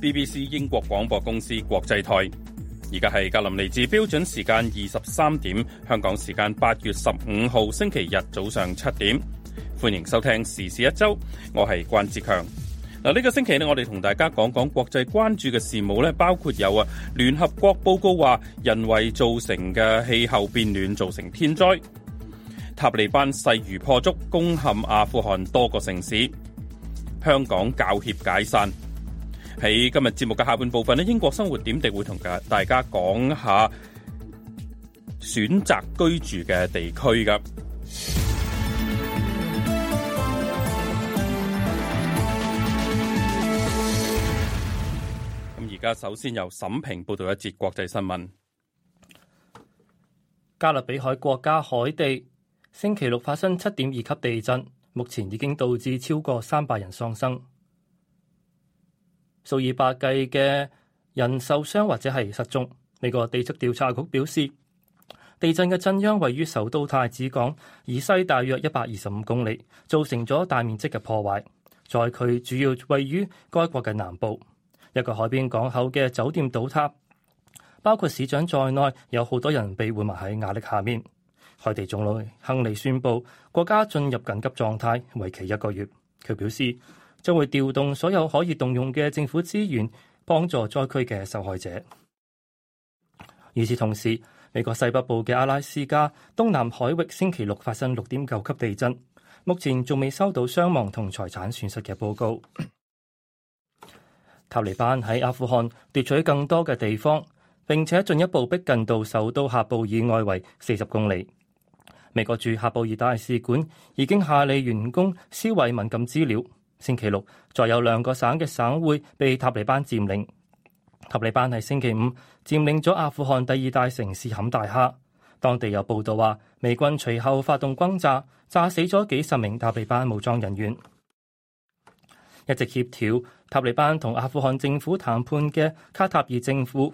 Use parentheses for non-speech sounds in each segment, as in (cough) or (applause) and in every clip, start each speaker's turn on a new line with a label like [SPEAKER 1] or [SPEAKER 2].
[SPEAKER 1] BBC 英國廣播公司國際台。而家係格林尼治標準時間二十三點，香港時間八月十五號星期日早上七點。歡迎收聽時事一周，我係關志強。嗱、啊，呢、這個星期咧，我哋同大家講講國際關注嘅事務咧，包括有啊，聯合國報告話人為造成嘅氣候變暖造成天災。塔利班勢如破竹，攻陷阿富汗多個城市。香港教協解散。喺今日節目嘅下半部分咧，英國生活點滴會同大家講下選擇居住嘅地區嘅。咁而家首先由沈平報道一節國際新聞。
[SPEAKER 2] 加勒比海國家海地星期六發生七點二級地震。目前已經導致超過三百人喪生，數以百計嘅人受傷或者係失蹤。美國地質調查局表示，地震嘅震央位於首都太子港以西大約一百二十五公里，造成咗大面積嘅破壞。在佢主要位於該國嘅南部，一個海邊港口嘅酒店倒塌，包括市長在內有好多人被活埋喺瓦礫下面。海地總理亨利宣布國家進入緊急狀態，為期一個月。佢表示將會調動所有可以動用嘅政府資源，幫助災區嘅受害者。與此同時，美國西北部嘅阿拉斯加東南海域星期六發生六點九級地震，目前仲未收到傷亡同財產損失嘅報告。 (coughs) 塔利班喺阿富汗奪取更多嘅地方，並且進一步逼近到首都喀布爾外圍四十公里。美國駐喀布爾大使館已經下令員工銷毀敏感資料。星期六，再有兩個省嘅省會被塔利班占領。塔利班喺星期五占領咗阿富汗第二大城市坎大哈。當地有報道話，美軍隨後發動轟炸，炸死咗幾十名塔利班武裝人員。一直協調塔利班同阿富汗政府談判嘅卡塔爾政府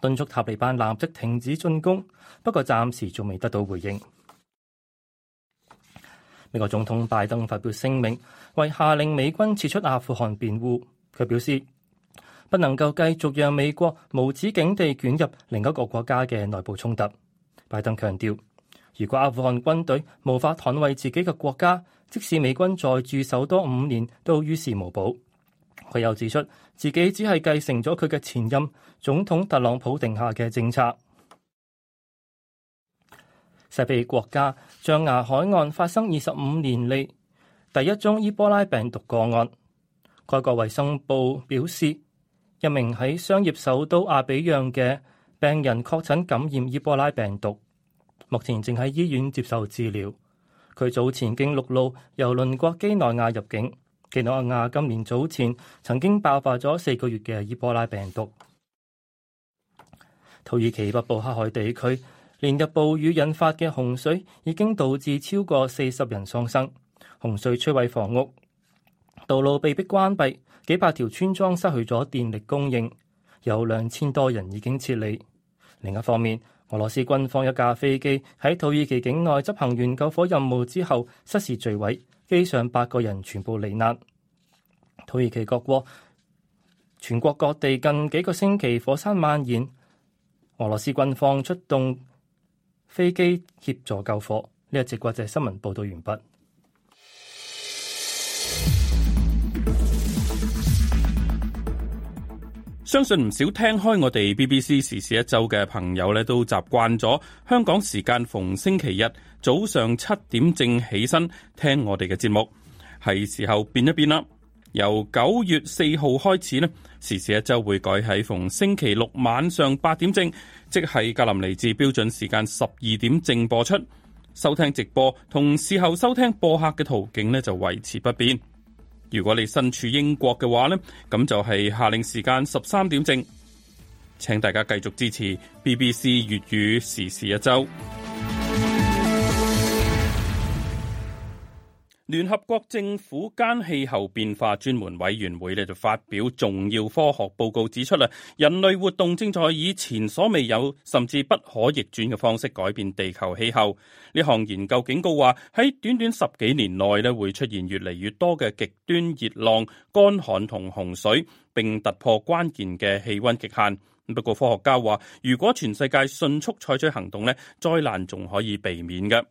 [SPEAKER 2] 敦促塔利班立即停止進攻，不過暫時仲未得到回應。美國總統拜登發表聲明，為下令美軍撤出阿富汗辯護。佢表示不能夠繼續讓美國無止境地捲入另一個國家嘅內部衝突。拜登強調，如果阿富汗軍隊無法捍衛自己嘅國家，即使美軍再駐守多五年都於事無補。佢又指出，自己只係繼承咗佢嘅前任總統特朗普定下嘅政策，勢必國家。象牙海岸發生二十五年嚟第一宗伊波拉病毒個案，該國衛生部表示，一名喺商業首都阿比讓嘅病人確診感染伊波拉病毒，目前正喺醫院接受治療。佢早前經陸路由鄰國幾內亞入境，幾內亞今年早前曾經爆發咗四個月嘅伊波拉病毒。土耳其北部黑海地區。連日暴雨引發嘅洪水已經導致超過四十人喪生，洪水摧毀房屋，道路被迫關閉，幾百條村莊失去咗電力供應，有兩千多人已經撤離。另一方面，俄羅斯軍方一架飛機喺土耳其境內執行完救火任務之後失事墜毀，機上八個人全部罹難。土耳其各國國全國各地近幾個星期火山蔓延，俄羅斯軍方出動。飛機協助救火。呢一節瓜就係新聞報道完畢。
[SPEAKER 1] 相信唔少聽開我哋 BBC 時事一周嘅朋友咧，都習慣咗香港時間逢星期日早上七點正起身聽我哋嘅節目，係時候變一變啦。由九月四號開始呢，時事一周會改喺逢星期六晚上八點正，即係格林尼治標準時間十二點正播出。收聽直播同事後收聽播客嘅途徑呢，就維持不變。如果你身處英國嘅話呢，咁就係夏令時間十三點正。請大家繼續支持 BBC 粵語時事一周。聯合國政府間氣候變化專門委員會咧就發表重要科學報告，指出啦，人類活動正在以前所未有甚至不可逆轉嘅方式改變地球氣候。呢項研究警告話，喺短短十幾年內咧，會出現越嚟越多嘅極端熱浪、乾旱同洪水，並突破關鍵嘅氣温極限。不過，科學家話，如果全世界迅速採取行動呢，災難仲可以避免嘅。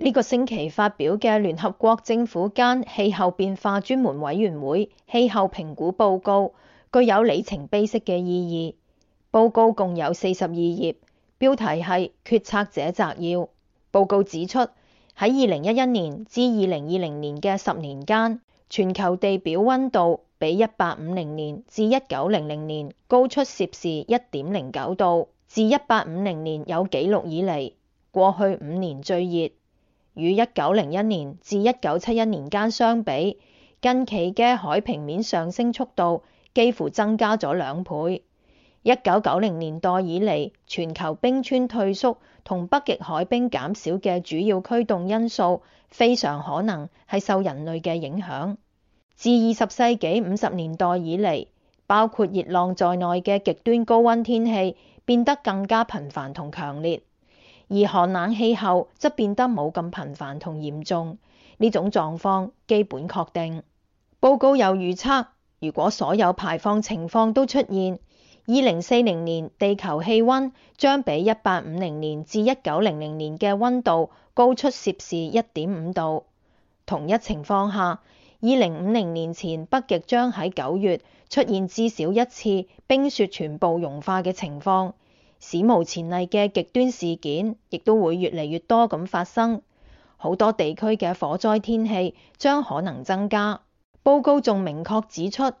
[SPEAKER 3] 呢個星期發表嘅聯合國政府間氣候變化專門委員會氣候評估報告具有里程碑式嘅意義。報告共有四十二頁，標題係《決策者摘要》。報告指出，喺二零一一年至二零二零年嘅十年間，全球地表溫度比一八五零年至一九零零年高出攝氏一點零九度，自一八五零年有紀錄以嚟，過去五年最熱。與一九零一年至一九七一年間相比，近期嘅海平面上升速度幾乎增加咗兩倍。一九九零年代以嚟，全球冰川退縮同北極海冰減少嘅主要驅動因素，非常可能係受人類嘅影響。自二十世紀五十年代以嚟，包括熱浪在內嘅極端高溫天氣變得更加頻繁同強烈。而寒冷氣候則變得冇咁頻繁同嚴重，呢種狀況基本確定。報告又預測，如果所有排放情況都出現，二零四零年地球氣溫將比一八五零年至一九零零年嘅溫度高出攝氏一點五度。同一情況下，二零五零年前北極將喺九月出現至少一次冰雪全部融化嘅情況。史無前例嘅極端事件，亦都會越嚟越多咁發生。好多地區嘅火災天氣將可能增加。報告仲明確指出，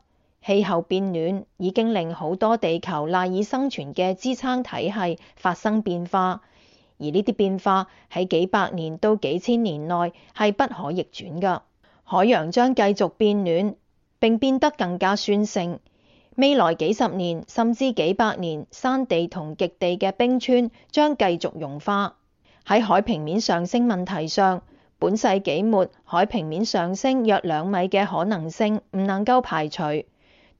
[SPEAKER 3] 氣候變暖已經令好多地球賴以生存嘅支撐體系發生變化，而呢啲變化喺幾百年到幾千年內係不可逆轉噶。海洋將繼續變暖，並變得更加酸性。未來幾十年，甚至幾百年，山地同極地嘅冰川將繼續融化。喺海平面上升問題上，本世紀末海平面上升約兩米嘅可能性唔能夠排除，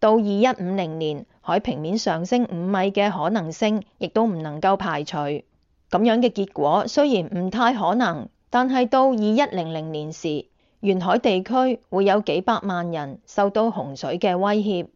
[SPEAKER 3] 到二一五零年，海平面上升五米嘅可能性亦都唔能夠排除。咁樣嘅結果雖然唔太可能，但係到二一零零年時，沿海地區會有幾百萬人受到洪水嘅威脅。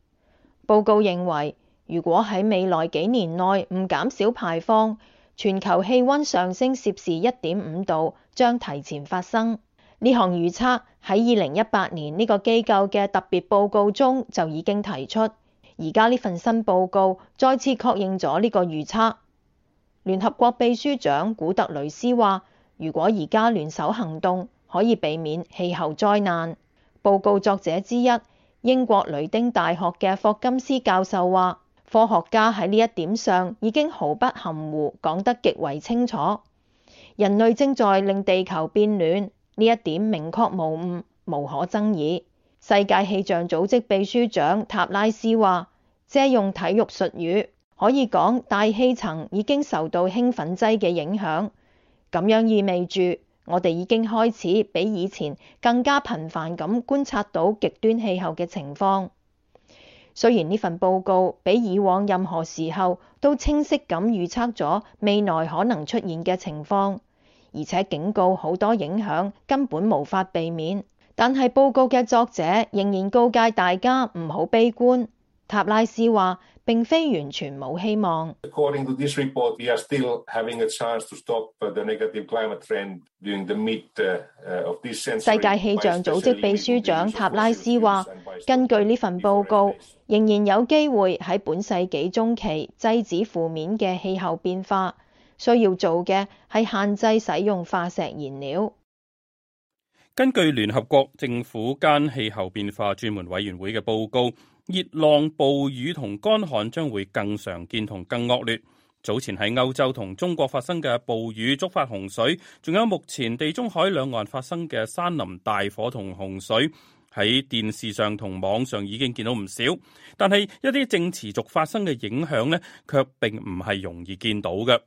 [SPEAKER 3] 報告認為，如果喺未來幾年內唔減少排放，全球氣溫上升攝氏一點五度將提前發生。呢項預測喺二零一八年呢個機構嘅特別報告中就已經提出，而家呢份新報告再次確認咗呢個預測。聯合國秘書長古特雷斯話，如果而家聯手行動，可以避免氣候災難。報告作者之一。英國雷丁大學嘅霍金斯教授話：科學家喺呢一點上已經毫不含糊，講得極為清楚，人類正在令地球變暖，呢一點明確無誤，無可爭議。世界氣象組織秘書長塔拉斯話：借用體育術語，可以講大氣層已經受到興奮劑嘅影響，咁樣意味住。我哋已經開始比以前更加頻繁咁觀察到極端氣候嘅情況。雖然呢份報告比以往任何時候都清晰咁預測咗未來可能出現嘅情況，而且警告好多影響，根本無法避免，但係報告嘅作者仍然告誡大家唔好悲觀。塔拉斯話：並非完全冇希望。
[SPEAKER 1] 世
[SPEAKER 3] 界氣象組織秘書長塔拉斯話：根據呢份報告，仍然有機會喺本世紀中期制止負面嘅氣候變化。需要做嘅係限制使用化石燃料。
[SPEAKER 1] 根據聯合國政府間氣候變化專門委員會嘅報告。熱浪、暴雨同乾旱將會更常見同更惡劣。早前喺歐洲同中國發生嘅暴雨觸發洪水，仲有目前地中海兩岸發生嘅山林大火同洪水，喺電視上同網上已經見到唔少。但係一啲正持續發生嘅影響呢，卻並唔係容易見到嘅。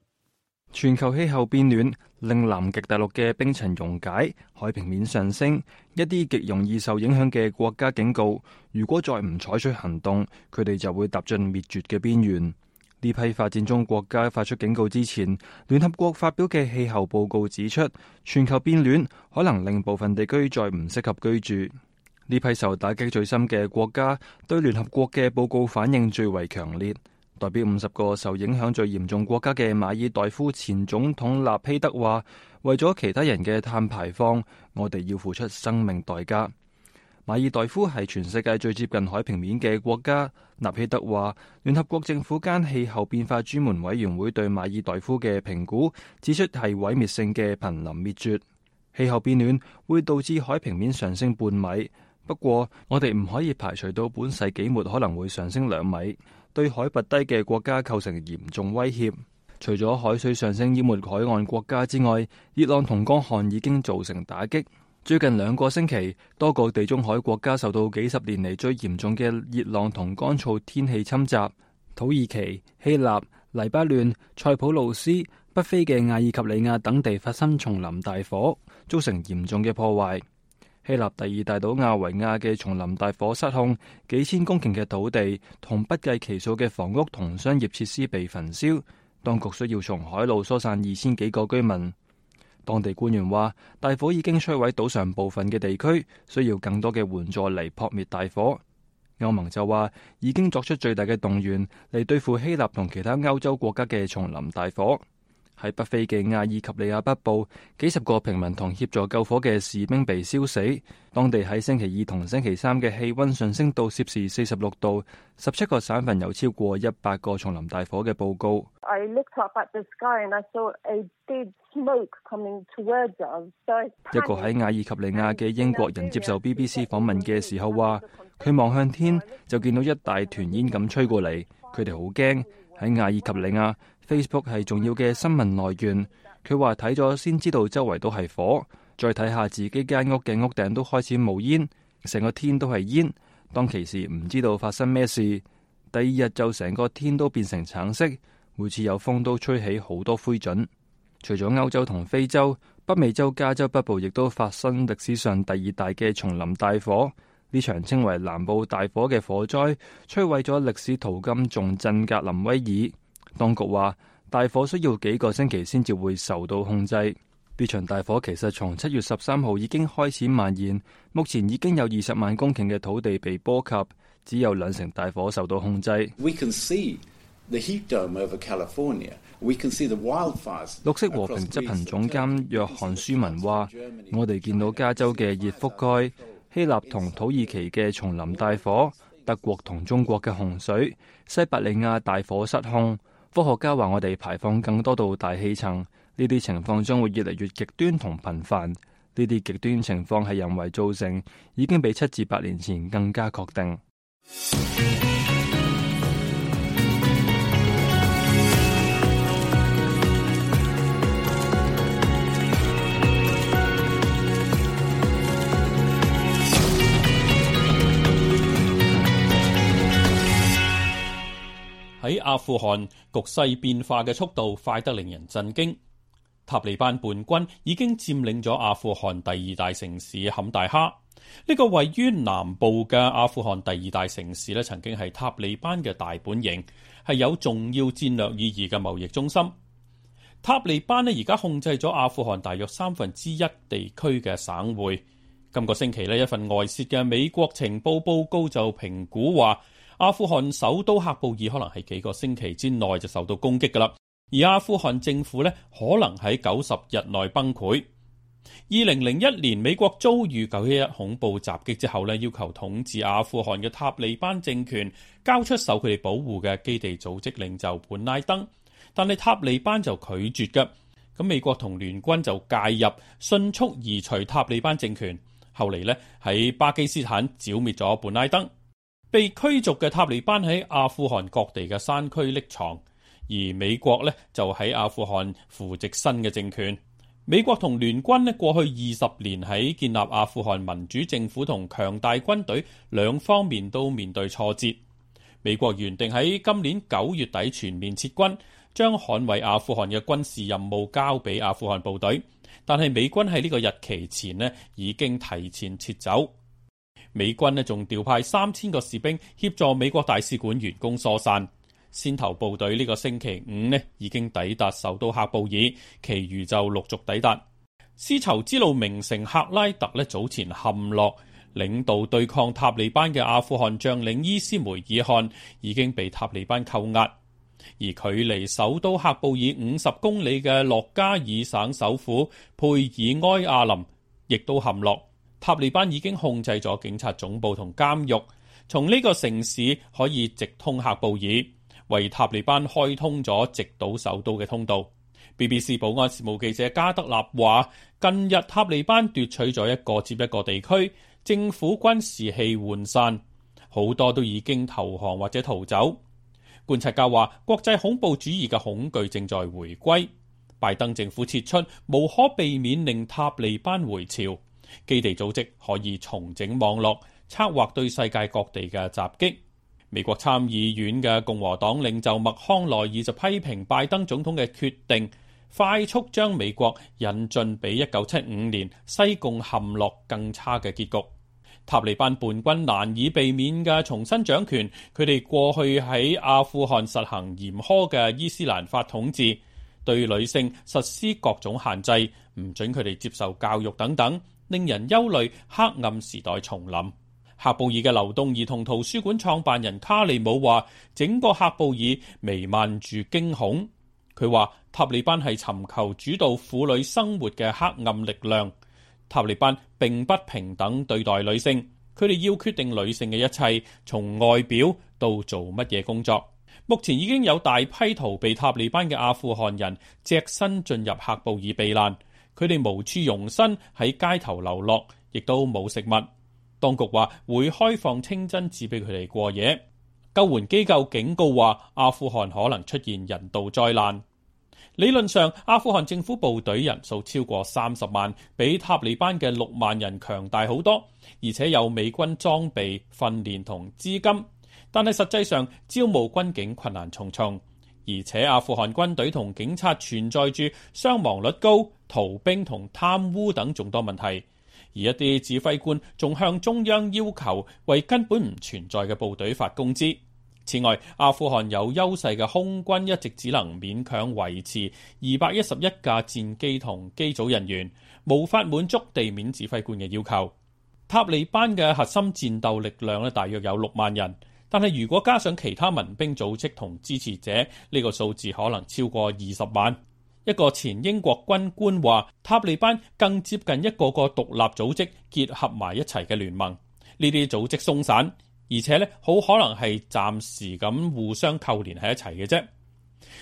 [SPEAKER 4] 全球氣候變暖令南極大陸嘅冰層溶解，海平面上升。一啲極容易受影響嘅國家警告，如果再唔採取行動，佢哋就會踏進滅絕嘅邊緣。呢批發展中國家發出警告之前，聯合國發表嘅氣候報告指出，全球變暖可能令部分地區再唔適合居住。呢批受打擊最深嘅國家對聯合國嘅報告反應最為強烈。代表五十個受影響最嚴重國家嘅馬爾代夫前總統納希德話：為咗其他人嘅碳排放，我哋要付出生命代價。馬爾代夫係全世界最接近海平面嘅國家。納希德話：聯合國政府間氣候變化專門委員會對馬爾代夫嘅評估指出係毀滅性嘅，瀕臨滅絕。氣候變暖會導致海平面上升半米，不過我哋唔可以排除到本世紀末可能會上升兩米。對海拔低嘅國家構成嚴重威脅。除咗海水上升淹沒海岸國家之外，熱浪同乾旱已經造成打擊。最近兩個星期，多個地中海國家受到幾十年嚟最嚴重嘅熱浪同乾燥天氣侵襲。土耳其、希臘、黎巴嫩、塞浦路斯、北非嘅阿爾及利亞等地發生叢林大火，造成嚴重嘅破壞。希臘第二大島亞維亞嘅叢林大火失控，幾千公頃嘅土地同不計其數嘅房屋同商業設施被焚燒，當局需要從海路疏散二千幾個居民。當地官員話，大火已經摧毀島上部分嘅地區，需要更多嘅援助嚟撲滅大火。歐盟就話已經作出最大嘅動員嚟對付希臘同其他歐洲國家嘅叢林大火。喺北非嘅阿爾及利亞北部，幾十個平民同協助救火嘅士兵被燒死。當地喺星期二同星期三嘅氣溫上升到攝氏四十六度，十七個省份有超過一百個叢林大火嘅報告。
[SPEAKER 2] So、一個喺
[SPEAKER 4] 阿爾及利亞嘅英國人接受 BBC 訪問嘅時候話，佢望向天就見到一大團煙咁吹過嚟，佢哋好驚。喺阿爾及利亞。Facebook 係重要嘅新聞來源。佢話睇咗先知道，周圍都係火。再睇下自己間屋嘅屋頂都開始冒煙，成個天都係煙。當其時唔知道發生咩事。第二日就成個天都變成橙色，每次有風都吹起好多灰燼。除咗歐洲同非洲，北美洲加州北部亦都發生歷史上第二大嘅叢林大火。呢場稱為南部大火嘅火災摧毀咗歷史淘金重鎮格林威爾。當局話大火需要幾個星期先至會受到控制。呢場大火其實從七月十三號已經開始蔓延，目前已經有二十萬公頃嘅土地被波及，只有兩成大火受到控制。
[SPEAKER 5] 綠色
[SPEAKER 4] 和平執行總監約翰舒文話：我哋見到加州嘅熱覆蓋、希臘同土耳其嘅叢林大火、德國同中國嘅洪水、西伯利亞大火失控。科學家話：我哋排放更多到大氣層，呢啲情況將會越嚟越極端同頻繁。呢啲極端情況係人為造成，已經比七至八年前更加確定。
[SPEAKER 1] 喺阿富汗局勢變化嘅速度快得令人震驚，塔利班叛軍已經佔領咗阿富汗第二大城市坎大哈。呢、這個位於南部嘅阿富汗第二大城市咧，曾經係塔利班嘅大本營，係有重要戰略意義嘅貿易中心。塔利班咧而家控制咗阿富汗大約三分之一地區嘅省會。今個星期咧，一份外泄嘅美國情報報告就評估話。阿富汗首都喀布爾可能喺幾個星期之內就受到攻擊噶啦，而阿富汗政府呢，可能喺九十日內崩潰。二零零一年，美國遭遇九一一恐怖襲擊之後呢，要求統治阿富汗嘅塔利班政權交出受佢哋保護嘅基地組織領袖本拉登，但係塔利班就拒絕㗎。咁美國同聯軍就介入，迅速移除塔利班政權。後嚟呢，喺巴基斯坦剿滅咗本拉登。被驅逐嘅塔利班喺阿富汗各地嘅山區匿藏，而美國呢就喺阿富汗扶植新嘅政權。美國同聯軍呢過去二十年喺建立阿富汗民主政府同強大軍隊兩方面都面對挫折。美國原定喺今年九月底全面撤軍，將捍衛阿富汗嘅軍事任務交畀阿富汗部隊，但係美軍喺呢個日期前呢已經提前撤走。美軍咧仲調派三千個士兵協助美國大使館員工疏散，先頭部隊呢個星期五咧已經抵達首都喀布爾，其餘就陸續抵達。絲綢之路名城赫拉特咧早前陷落，領導對抗塔利班嘅阿富汗將領伊斯梅爾汗已經被塔利班扣押，而距離首都喀布爾五十公里嘅洛加爾省首府佩爾埃亞林亦都陷落。塔利班已經控制咗警察總部同監獄，從呢個城市可以直通喀布爾，為塔利班開通咗直到首都嘅通道。BBC 保安事務記者加德納話，近日塔利班奪取咗一個接一個地區，政府軍士氣渙散，好多都已經投降或者逃走。觀察家話，國際恐怖主義嘅恐懼正在回歸，拜登政府撤出，無可避免令塔利班回潮。基地組織可以重整網絡，策劃對世界各地嘅襲擊。美國參議院嘅共和黨領袖麥康奈爾就批評拜登總統嘅決定，快速將美國引進比一九七五年西貢陷落更差嘅結局。塔利班叛軍難以避免嘅重新掌權，佢哋過去喺阿富汗實行嚴苛嘅伊斯蘭法統治，對女性實施各種限制，唔准佢哋接受教育等等。令人憂慮，黑暗時代重臨。喀布爾嘅流動兒童圖書館創辦人卡利姆話：整個喀布爾彌漫住驚恐。佢話塔利班係尋求主導婦女生活嘅黑暗力量。塔利班並不平等對待女性，佢哋要決定女性嘅一切，從外表到做乜嘢工作。目前已經有大批逃避塔利班嘅阿富汗人，隻身進入喀布爾避難。佢哋無處容身，喺街頭流落，亦都冇食物。當局話會開放清真寺俾佢哋過夜。救援機構警告話，阿富汗可能出現人道災難。理論上，阿富汗政府部隊人數超過三十萬，比塔利班嘅六萬人強大好多，而且有美軍裝備、訓練同資金。但係實際上，招募軍警困難重重。而且阿富汗軍隊同警察存在住傷亡率高、逃兵同貪污等眾多問題，而一啲指揮官仲向中央要求為根本唔存在嘅部隊發工資。此外，阿富汗有優勢嘅空軍一直只能勉強維持二百一十一架戰機同機組人員，無法滿足地面指揮官嘅要求。塔利班嘅核心戰鬥力量呢，大約有六萬人。但係如果加上其他民兵組織同支持者，呢個數字可能超過二十萬。一個前英國軍官話，塔利班更接近一個個獨立組織結合埋一齊嘅聯盟。呢啲組織鬆散，而且呢好可能係暫時咁互相扣連喺一齊嘅啫。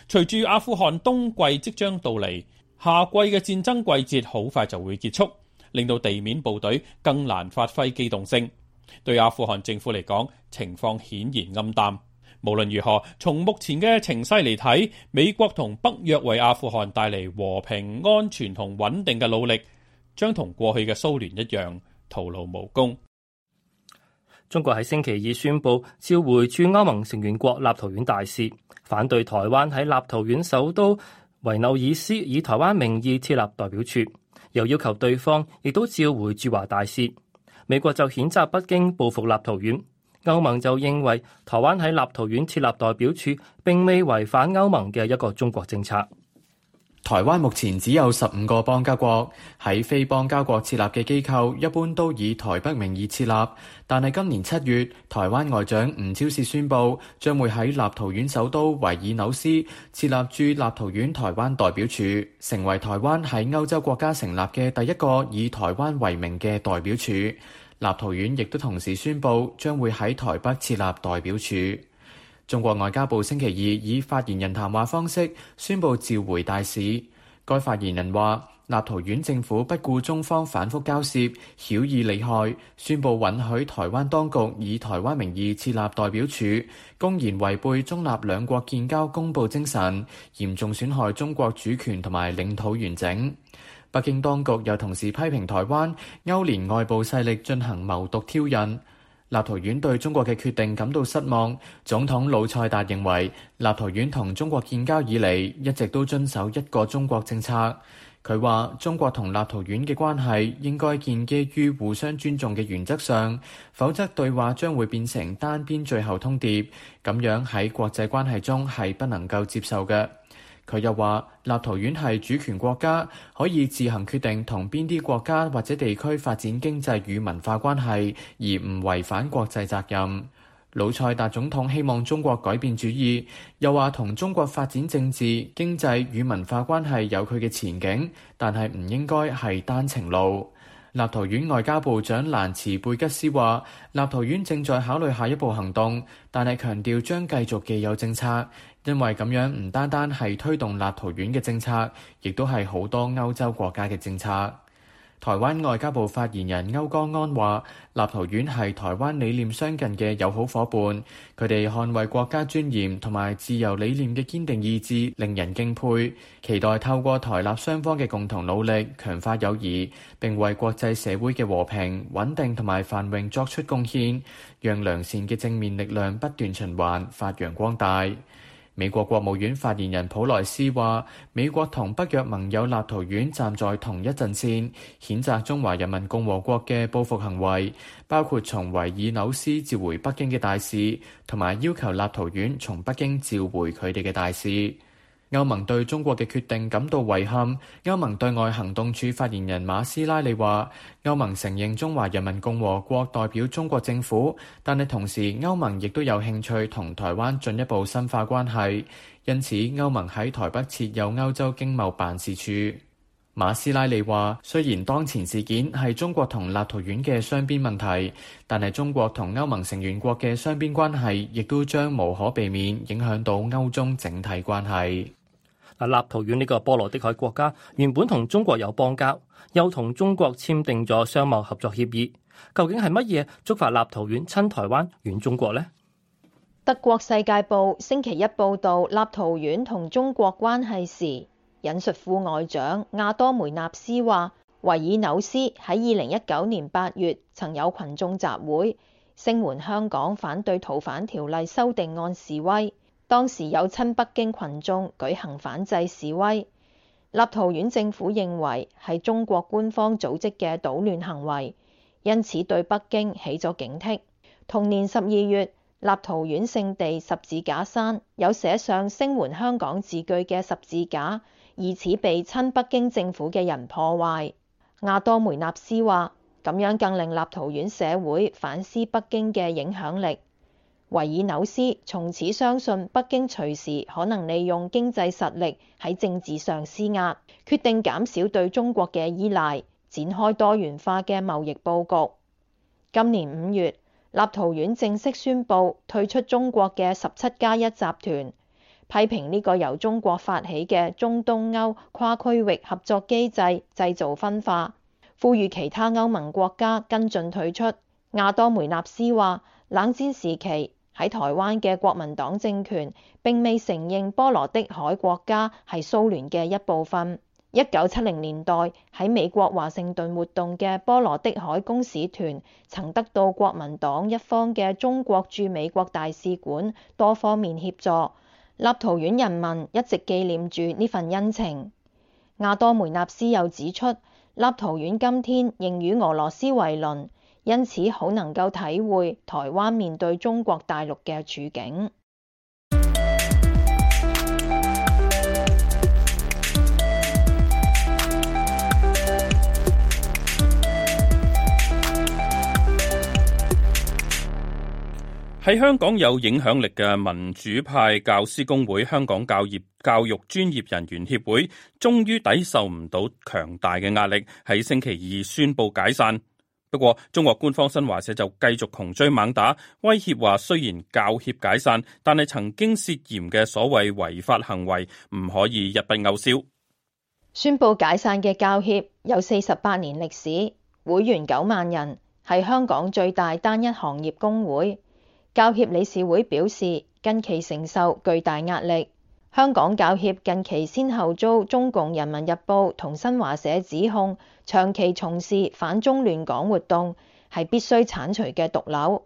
[SPEAKER 1] 隨住阿富汗冬季即將到嚟，夏季嘅戰爭季節好快就會結束，令到地面部隊更難發揮機動性。對阿富汗政府嚟講，情況顯然暗淡。無論如何，從目前嘅情勢嚟睇，美國同北約為阿富汗帶嚟和平、安全同穩定嘅努力，將同過去嘅蘇聯一樣
[SPEAKER 2] 徒勞無功。中國喺星期二宣佈召回駐歐盟成員國立陶宛大使，反對台灣喺立陶宛首都維爾紐斯以台灣名義設立代表處，又要求對方亦都召回駐華大使。美國就譴責北京報復立陶宛，歐盟就認為台灣喺立陶宛設立代表處並未違反歐盟嘅一個中國政策。台灣目前只有十五個邦交國，喺非邦交國設立嘅機構一般
[SPEAKER 5] 都以台北名義設立。但係今年七月，台灣外長吳釗燮宣布，將會喺立陶宛首都維爾紐斯設立駐立陶宛台灣代表處，成為台灣喺歐洲國家成立嘅第一個以台灣為名嘅代表處。立陶宛亦都同時宣布，將會喺台北設立代表處。中國外交部星期二以發言人談話方式宣布召回大使。該發言人話：立陶宛政府不顧中方反覆交涉，曉以利害，宣布允許台灣當局以台灣名義設立代表處，公然違背中立兩國建交公佈精神，嚴重損害中國主權同埋領土完整。北京當局又同時批評台灣勾連外部勢力進行謀獨挑釁。立陶宛對中國嘅決定感到失望。總統魯塞達認為，立陶宛同中國建交以嚟一直都遵守一個中國政策。佢話，中國同立陶宛嘅關係應該建基於互相尊重嘅原則上，否則對話將會變成單邊最後通牒，咁樣喺國際關係中係不能夠接受嘅。佢又話：立陶宛係主權國家，可以自行決定同邊啲國家或者地區發展經濟與文化關係，而唔違反國際責任。魯塞達總統希望中國改變主意，又話同中國發展政治、經濟與文化關係有佢嘅前景，但係唔應該係單程路。立陶宛外交部長蘭茨貝吉斯話：立陶宛正在考慮下一步行動，但係強調將繼續既有政策。因為咁樣唔單單係推動立陶宛嘅政策，亦都係好多歐洲國家嘅政策。台灣外交部發言人歐江安話：立陶宛係台灣理念相近嘅友好夥伴，佢哋捍衛國家尊嚴同埋自由理念嘅堅定意志，令人敬佩。期待透過台立雙方嘅共同努力，強化友誼，並為國際社會嘅和平穩定同埋繁榮作出貢獻，讓良善嘅正面力量不斷循環，發揚光大。美國國務院發言人普萊斯話：美國同北約盟友立陶宛站在同一陣線，譴責中華人民共和國嘅報復行為，包括從維爾紐斯召回北京嘅大使，同埋要求立陶宛從北京召回佢哋嘅大使。歐盟對中國嘅決定感到遺憾。歐盟對外行動處發言人馬斯拉利話：歐盟承認中華人民共和國代表中國政府，但係同時歐盟亦都有興趣同台灣進一步深化關係。因此，歐盟喺台北設有歐洲經貿辦事處。馬斯拉利話：雖然當前事件係中國同立陶宛嘅雙邊問題，但係中國同歐盟成員國嘅雙邊關係亦都將
[SPEAKER 2] 無可避免影響到歐中整體關係。立陶宛呢個波羅的海國家原本同中國有邦交，又同中國簽訂咗商貿合作協議。究竟係乜嘢觸發立陶宛親台灣、遠中國呢？
[SPEAKER 3] 德國世界報星期一報道，立陶宛同中國關係時，引述副外長亞多梅納斯話，維爾紐斯喺二零一九年八月曾有群眾集會，聲援香港反對逃犯條例修訂案示威。當時有親北京群眾舉行反制示威，立陶宛政府認為係中國官方組織嘅搗亂行為，因此對北京起咗警惕。同年十二月，立陶宛聖地十字架山有寫上聲援香港字句嘅十字架，疑似被親北京政府嘅人破壞。亞多梅納斯話：咁樣更令立陶宛社會反思北京嘅影響力。維爾紐斯從此相信北京隨時可能利用經濟實力喺政治上施壓，決定減少對中國嘅依賴，展開多元化嘅貿易佈局。今年五月，立陶宛正式宣布退出中國嘅十七加一集團，批評呢個由中國發起嘅中東歐跨區域合作機制製造分化，呼籲其他歐盟國家跟進退出。亞多梅納斯話：冷戰時期，喺台灣嘅國民黨政權，並未承認波羅的海國家係蘇聯嘅一部分。一九七零年代喺美國華盛頓活動嘅波羅的海公使團，曾得到國民黨一方嘅中國駐美國大使館多方面協助。立陶宛人民一直紀念住呢份恩情。亞多梅納斯又指出，立陶宛今天仍與俄羅斯為鄰。因此，好能夠體會台灣面對中國大陸嘅處境。
[SPEAKER 1] 喺香港有影響力嘅民主派教師工會——香港教育專業人員協會，終於抵受唔到強大嘅壓力，喺星期二宣布解散。不過，中國官方新華社就繼續窮追猛打，威脅話雖然教協解散，但係曾經涉嫌嘅所謂違法行為唔可以一筆勾銷。
[SPEAKER 3] 宣布解散嘅教協有四十八年歷史，會員九萬人，係香港最大單一行業工會。教協理事會表示，近期承受巨大壓力。香港教協近期先後遭中共《人民日報》同新華社指控，長期從事反中亂港活動，係必須鏟除嘅毒瘤。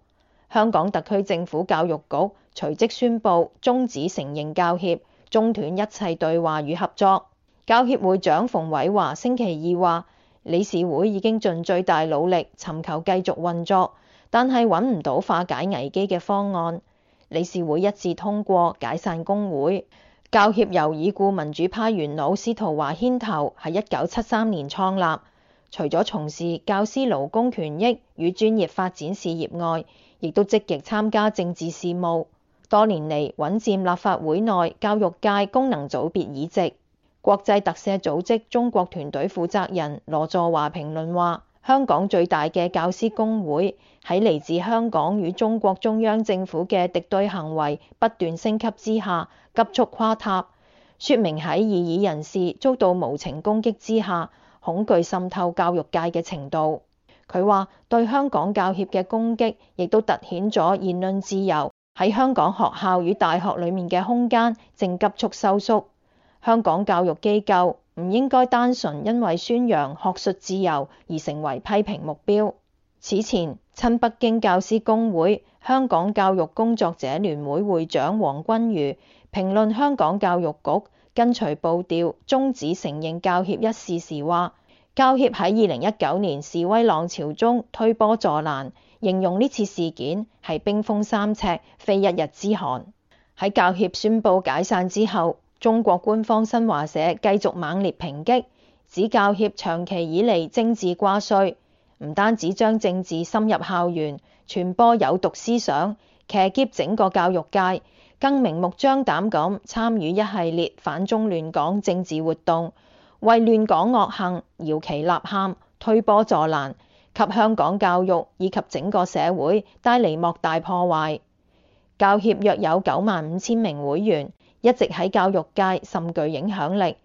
[SPEAKER 3] 香港特區政府教育局隨即宣布終止承認教協，中斷一切對話與合作。教協會長馮偉華星期二話，理事會已經盡最大努力尋求繼續運作，但係搵唔到化解危機嘅方案。理事會一致通過解散工會。教協由已故民主派元老司徒華牽頭，喺一九七三年創立。除咗從事教師勞工權益與專業發展事業外，亦都積極參加政治事務，多年嚟，穩佔立法會內教育界功能組別議席。國際特赦組織中國團隊負責人羅助華評論話，香港最大嘅教師工會喺嚟自香港與中國中央政府嘅敵對行為不斷升級之下急速垮塌，說明喺異議人士遭到無情攻擊之下，恐懼滲透教育界嘅程度。佢話對香港教協嘅攻擊，亦都凸顯咗言論自由喺香港學校與大學裏面嘅空間正急速收縮。香港教育機構唔應該單純因為宣揚學術自由而成為批評目標。此前，親北京教師工會、香港教育工作者聯會會會長黃均瑜。評論香港教育局跟隨步調終止承認教協一事時話，教協喺二零一九年示威浪潮中推波助瀾，形容呢次事件係冰封三尺，非一日之寒。喺教協宣布解散之後，中國官方新華社繼續猛烈抨擊，指教協長期以嚟政治掛帥，唔單止將政治深入校園，傳播有毒思想，騎劫整個教育界，更明目張膽咁參與一系列反中亂港政治活動，為亂港惡行搖旗吶喊、推波助瀾，給香港教育以及整個社會帶嚟莫大破壞。教協約有九萬五千名會員，一直喺教育界甚具影響力，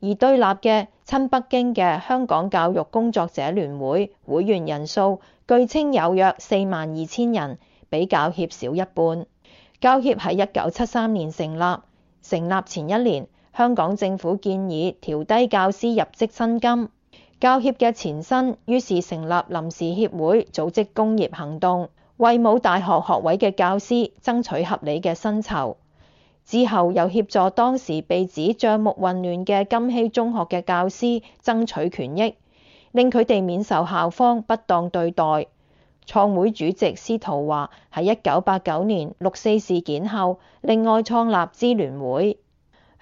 [SPEAKER 3] 而對立嘅親北京嘅香港教育工作者聯會會員人數，據稱有約四萬二千人，比教協少一半。教協喺一九七三年成立，成立前一年，香港政府建議調低教師入職薪金。教協嘅前身於是成立臨時協會，組織工業行動，為冇大學學位嘅教師爭取合理嘅薪酬。之後又協助當時被指賬目混亂嘅金禧中學嘅教師爭取權益，令佢哋免受校方不當對待。創會主席司徒華喺一九八九年六四事件後，另外創立支聯會。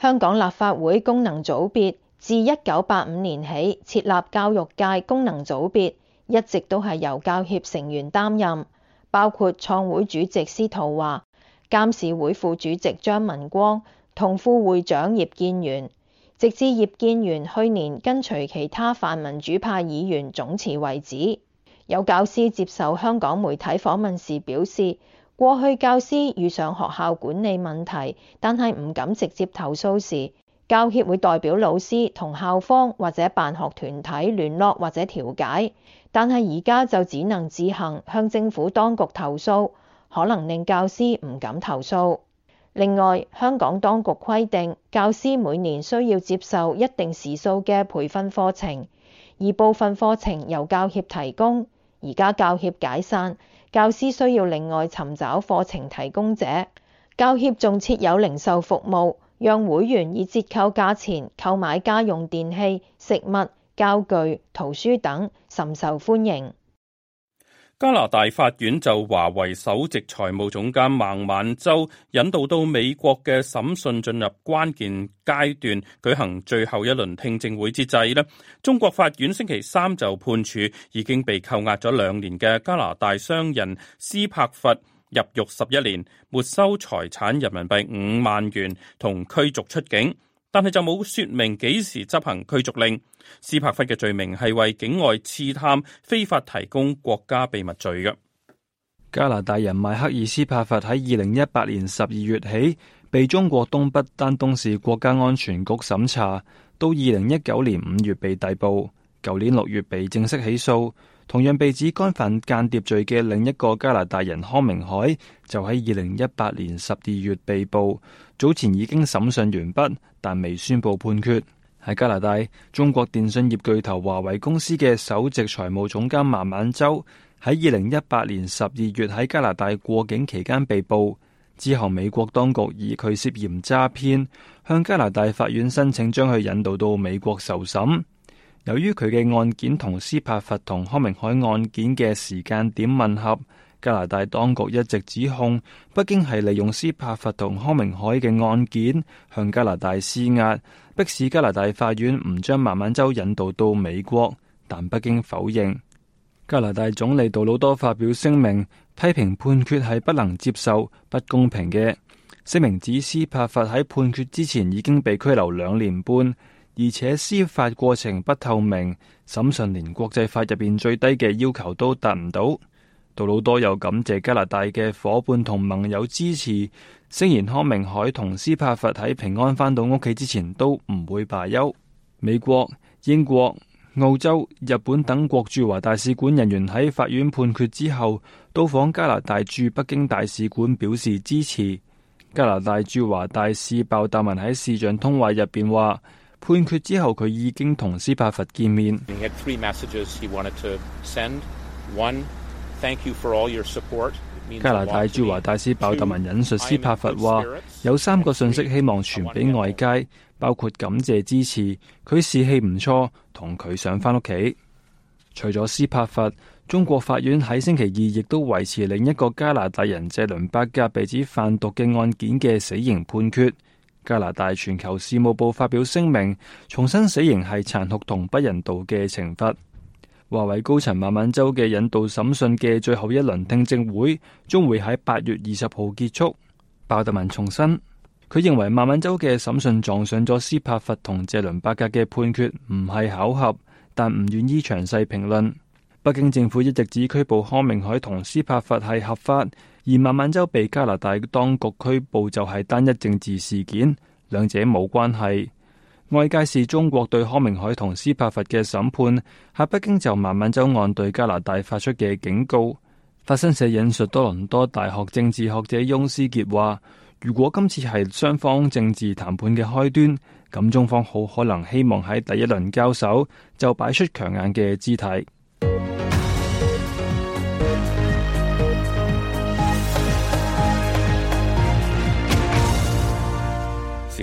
[SPEAKER 3] 香港立法會功能組別自一九八五年起設立教育界功能組別，一直都係由教協成員擔任，包括創會主席司徒華、監事會副主席張文光同副會長葉建源，直至葉建源去年跟隨其他泛民主派議員總辭為止。有教師接受香港媒體訪問時表示，過去教師遇上學校管理問題，但係唔敢直接投訴時，教協會代表老師同校方或者辦學團體聯絡或者調解，但係而家就只能自行向政府當局投訴，可能令教師唔敢投訴。另外，香港當局規定教師每年需要接受一定時數嘅培訓課程，而部分課程由教協提供。而家教協解散，教師需要另外尋找課程提供者。教協仲設有零售服務，讓會員以折扣價錢購買家用電器、食物、教具、圖書等，甚受歡迎。
[SPEAKER 1] 加拿大法院就華為首席財務總監孟晚舟引渡到美國嘅審訊進入關鍵階段，舉行最後一輪聽證會之際，咧中國法院星期三就判處已經被扣押咗兩年嘅加拿大商人斯帕弗入獄十一年，沒收財產人民幣五萬元，同驅逐出境。但係就冇說明幾時執行驅逐令。斯帕弗嘅罪名係為境外刺探、非法提供國家秘密罪嘅
[SPEAKER 4] 加拿大人邁克爾斯帕弗喺二零一八年十二月起被中國東北丹東市國家安全局審查，到二零一九年五月被逮捕。舊年六月被正式起訴，同樣被指干犯間諜罪嘅另一個加拿大人康明凱就喺二零一八年十二月被捕，早前已經審訊完畢，但未宣布判決。喺加拿大，中國電信業巨頭華為公司嘅首席財務總監孟晚舟喺二零一八年十二月喺加拿大過境期間被捕，之後美國當局以佢涉嫌詐騙向加拿大法院申請將佢引渡到美國受審。由於佢嘅案件同斯帕弗同康明凱案件嘅時間點吻合。加拿大當局一直指控北京係利用斯帕弗同康明凱嘅案件向加拿大施壓，迫使加拿大法院唔將孟晚舟引渡到美國。但北京否認。加拿大總理杜魯多發表聲明，批評判決係不能接受、不公平嘅。聲明指斯帕弗喺判決之前已經被拘留兩年半，而且司法過程不透明，審訊連國際法入邊最低嘅要求都達唔到。杜魯多又感謝加拿大嘅夥伴同盟友支持，聲言康明凱同斯帕弗喺平安翻到屋企之前都唔會罷休。美國、英國、澳洲、日本等國駐華大使館人員喺法院判決之後到訪加拿大駐北京大使館表示支持。加拿大駐華大使鮑達文喺視像通話入邊話，判決之後佢已經同斯帕弗見面。加拿大駐華大使鮑達民引述斯帕佛話：有三個信息希望傳俾外界，包括感謝支持。佢士氣唔錯，同佢想翻屋企。除咗斯帕佛，中國法院喺星期二亦都維持另一個加拿大人謝倫伯格被指販毒嘅案件嘅死刑判決。加拿大全球事務部發表聲明，重申死刑係殘酷同不人道嘅懲罰。華為高層孟晚舟嘅引渡審訊嘅最後一輪聽證會，將會喺八月二十號結束。鮑德文重申，佢認為孟晚舟嘅審訊撞上咗斯帕弗同謝倫伯格嘅判決唔係巧合，但唔願意詳細評論。北京政府一直指拘捕康明凱同斯帕弗係合法，而孟晚舟被加拿大當局拘捕就係單一政治事件，兩者冇關係。外界視中國對康明凱同斯帕弗嘅審判喺北京就孟晚舟案對加拿大發出嘅警告。法新社引述多倫多大學政治學者翁思杰話：「如果今次係雙方政治談判嘅開端，咁中方好可能希望喺第一輪交手就擺出強硬嘅姿態。」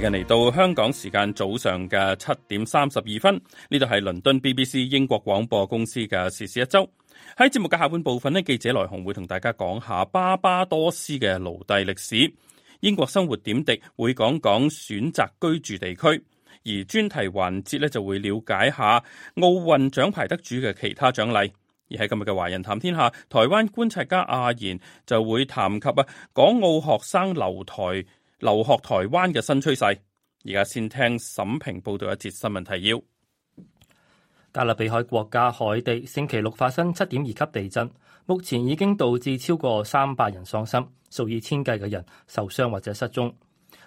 [SPEAKER 1] 今日嚟到香港時間早上嘅七點三十二分，呢度係倫敦 BBC 英國廣播公司嘅時事一周。喺節目嘅下半部分呢，記者來鴻會同大家講下巴巴多斯嘅奴隸歷史。英國生活點滴會講講選擇居住地區，而專題環節呢就會了解下奧運獎牌得主嘅其他獎勵。而喺今日嘅華人談天下，台灣觀察家阿言就會談及啊，港澳學生留台。留學台灣嘅新趨勢，而家先聽沈平報道一節新聞提要。
[SPEAKER 2] 加勒比海國家海地星期六發生七點二級地震，目前已經導致超過三百人喪生，數以千計嘅人受傷或者失蹤。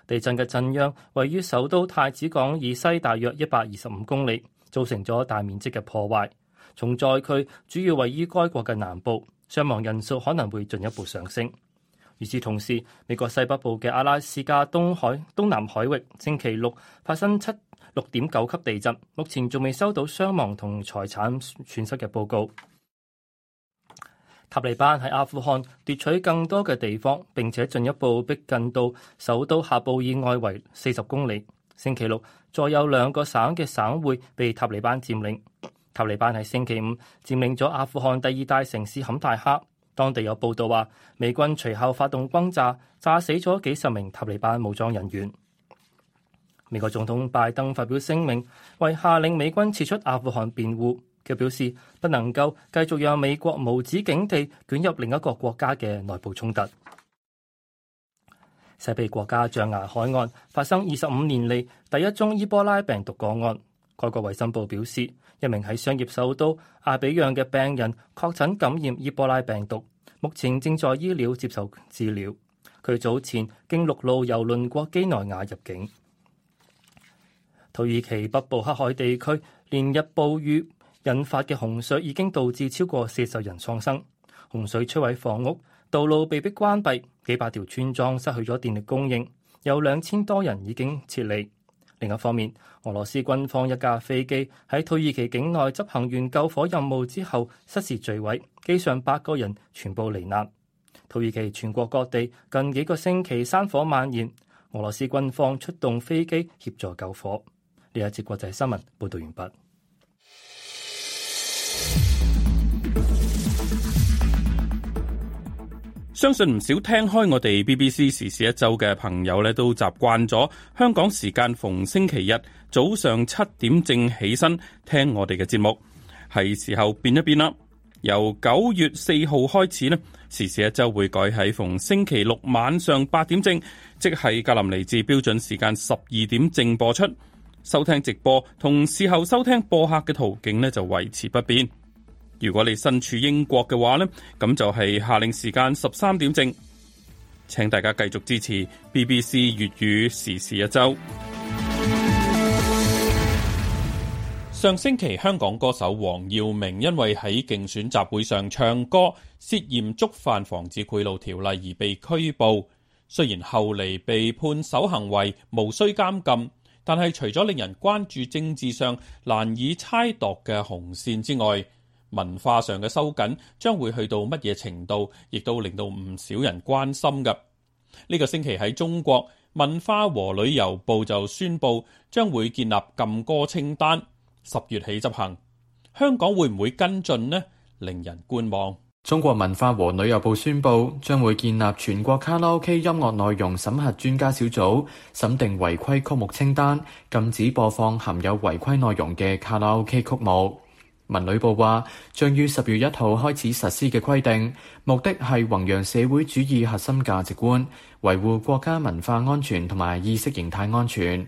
[SPEAKER 2] 地震嘅震央位於首都太子港以西大約一百二十五公里，造成咗大面積嘅破壞。重災區主要位於該國嘅南部，傷亡人數可能會進一步上升。與此同時，美國西北部嘅阿拉斯加東海東南海域，星期六發生七六點九級地震，目前仲未收到傷亡同財產損失嘅報告。塔利班喺阿富汗奪取更多嘅地方，並且進一步逼近到首都喀布爾外圍四十公里。星期六，再有兩個省嘅省會被塔利班佔領。塔利班喺星期五佔領咗阿富汗第二大城市坎大哈。當地有報道話，美軍隨後發動轟炸，炸死咗幾十名塔利班武裝人員。美國總統拜登發表聲明，為下令美軍撤出阿富汗辯護。卻表示不能夠繼續讓美國無止境地捲入另一個國家嘅內部衝突。西非國家象牙海岸發生二十五年嚟第一宗伊波拉病毒，毒個案。該國衞生部表示，一名喺商業首都阿比揚嘅病人確診感染伊波拉病毒。目前正在醫療接受治療。佢早前經陸路遊輪過幾內亞入境。土耳其北部黑海地區連日暴雨引發嘅洪水已經導致超過四十人喪生，洪水摧毀房屋、道路，被迫關閉，幾百條村莊失去咗電力供應，有兩千多人已經撤離。另一方面，俄羅斯軍方一架飛機喺土耳其境內執行完救火任務之後失時墜毀，失事墜毀，機上八個人全部罹難。土耳其全國各地近幾個星期山火蔓延，俄羅斯軍方出動飛機協助救火。呢一節國際新聞報道完畢。
[SPEAKER 1] 相信唔少聽開我哋 BBC 時事一周嘅朋友咧，都習慣咗香港時間逢星期日早上七點正起身聽我哋嘅節目，係時候變一變啦。由九月四號開始咧，時事一周會改喺逢星期六晚上八點正，即係格林尼治標準時間十二點正播出。收聽直播同事後收聽播客嘅途徑咧，就維持不變。如果你身處英國嘅話呢，咁就係夏令時間十三點正，請大家繼續支持 BBC 粵語時事一周。上星期，香港歌手黃耀明因為喺競選集會上唱歌，涉嫌觸犯《防止賄賂條例》而被拘捕。雖然後嚟被判守行為，無需監禁，但係除咗令人關注政治上難以猜度嘅紅線之外，文化上嘅收緊將會去到乜嘢程度，亦都令到唔少人關心嘅。呢個星期喺中國文化和旅遊部就宣布將會建立禁歌清單，十月起執行。香港會唔會跟進呢？令人觀望。
[SPEAKER 5] 中國文化和旅遊部宣布將會建立全國卡拉 OK 音樂內容審核專家小組，審定違規曲目清單，禁止播放含有違規內容嘅卡拉 OK 曲目。文旅部話，將於十月一號開始實施嘅規定，目的係弘揚社會主義核心價值觀，維護國家文化安全同埋意識形態安全。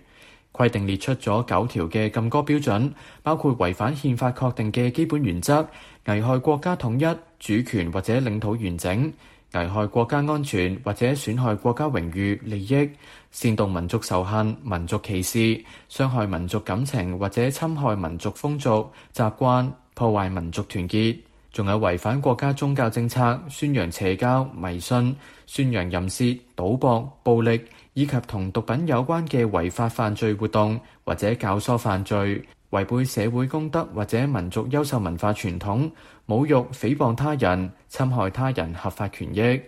[SPEAKER 5] 規定列出咗九條嘅禁歌標準，包括違反憲法確定嘅基本原則，危害國家統一、主權或者領土完整，危害國家安全或者損害國家榮譽利益。煽動民族仇恨、民族歧視、傷害民族感情或者侵害民族風俗習慣、破壞民族團結，仲有違反國家宗教政策、宣揚邪教迷信、宣揚淫褻、賭博、暴力，以及同毒品有關嘅違法犯罪活動或者教唆犯罪，違背社會公德或者民族優秀文化傳統、侮辱、誹謗他人、侵害他人合法權益。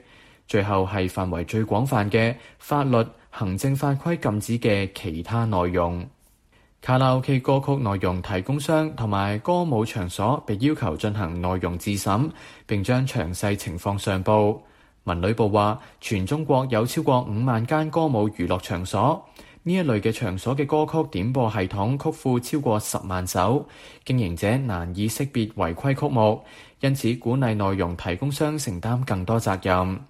[SPEAKER 5] 最後係範圍最廣泛嘅法律。行政法規禁止嘅其他內容，卡拉 OK 歌曲內容提供商同埋歌舞場所被要求進行內容自審，並將詳細情況上報。文旅部話，全中國有超過五萬間歌舞娛樂場所，呢一類嘅場所嘅歌曲點播系統曲庫超過十萬首，經營者難以識別違規曲目，因此鼓勵內容提供商承擔更多責任。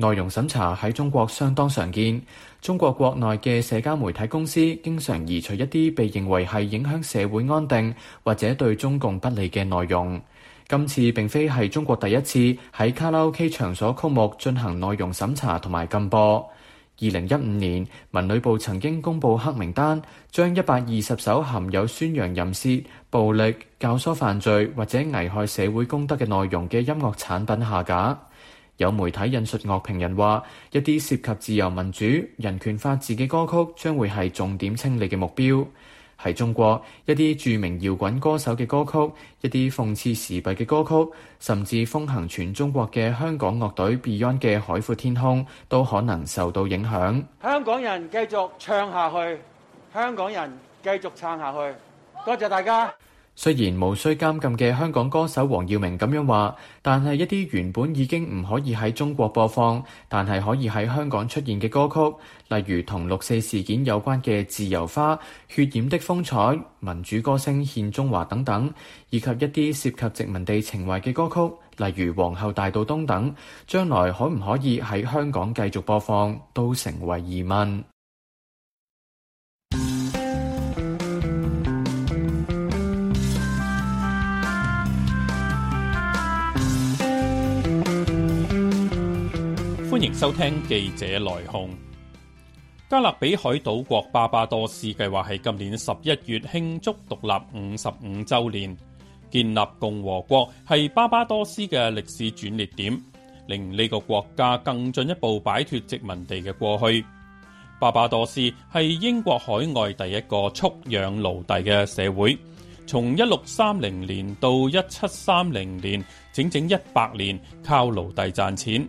[SPEAKER 5] 內容審查喺中國相當常見，中國國內嘅社交媒體公司經常移除一啲被認為係影響社會安定或者對中共不利嘅內容。今次並非係中國第一次喺卡拉 OK 場所曲目進行內容審查同埋禁播。二零一五年，文旅部曾經公布黑名單，將一百二十首含有宣揚淫褻、暴力、教唆犯罪或者危害社會公德嘅內容嘅音樂產品下架。有媒體引述樂評人話：一啲涉及自由民主、人權法治嘅歌曲，將會係重點清理嘅目標。喺中國，一啲著名搖滾歌手嘅歌曲、一啲諷刺時弊嘅歌曲，甚至風行全中國嘅香港樂隊 Beyond 嘅《海闊天空》，都可能受到影響。香
[SPEAKER 4] 港人繼續唱下去，香港人繼續撐下去，多謝大
[SPEAKER 5] 家。雖然無需監禁嘅香港歌手黃耀明咁樣話，但係一啲原本已經唔可以喺中國播放，但係可以喺香港出現嘅歌曲，例如同六四事件有關嘅《自由花》、《血染的風采》、《民主歌聲獻中華》等等，以及一啲涉及殖民地情懷嘅歌曲，例如《皇后大道東》等，將來可唔可以喺香港繼續播放，都成為疑問。
[SPEAKER 1] 收聽記者來鴻。加勒比海島國巴巴多斯計劃係今年十一月慶祝獨立五十五周年。建立共和國係巴巴多斯嘅歷史轉捩點，令呢個國家更進一步擺脫殖民地嘅過去。巴巴多斯係英國海外第一個蓄養奴隸嘅社會，從一六三零年到一七三零年，整整一百年靠奴隸賺錢。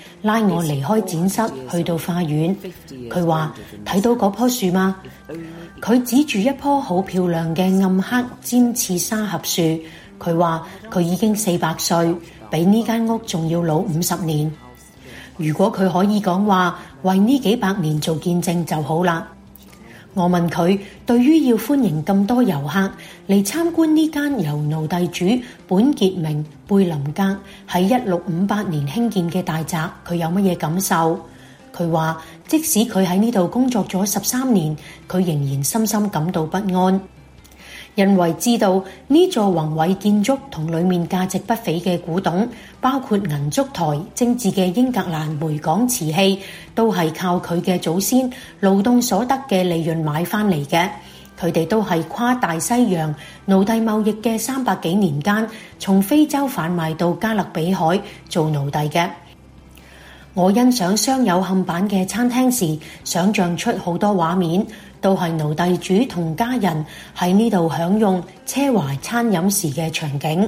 [SPEAKER 6] 拉我離開展室，去到花園。佢話：睇到嗰棵樹嗎？佢指住一棵好漂亮嘅暗黑尖刺沙盒樹。佢話：佢已經四百歲，比呢間屋仲要老五十年。如果佢可以講話，為呢幾百年做見證就好啦。我問佢：對於要歡迎咁多遊客嚟參觀呢間由奴隸主本傑明貝林格喺一六五八年興建嘅大宅，佢有乜嘢感受？佢話即使佢喺呢度工作咗十三年，佢仍然深深感到不安，因為知道呢座宏偉建築同裏面價值不菲嘅古董，包括銀燭台精致嘅英格蘭梅港瓷器，都係靠佢嘅祖先勞動所得嘅利潤買翻嚟嘅。佢哋都係跨大西洋奴隸貿易嘅三百幾年間，從非洲販賣到加勒比海做奴隸嘅。我欣賞雙友冚版嘅餐廳時，想像出好多畫面，都係奴隸主同家人喺呢度享用奢華餐飲時嘅場景。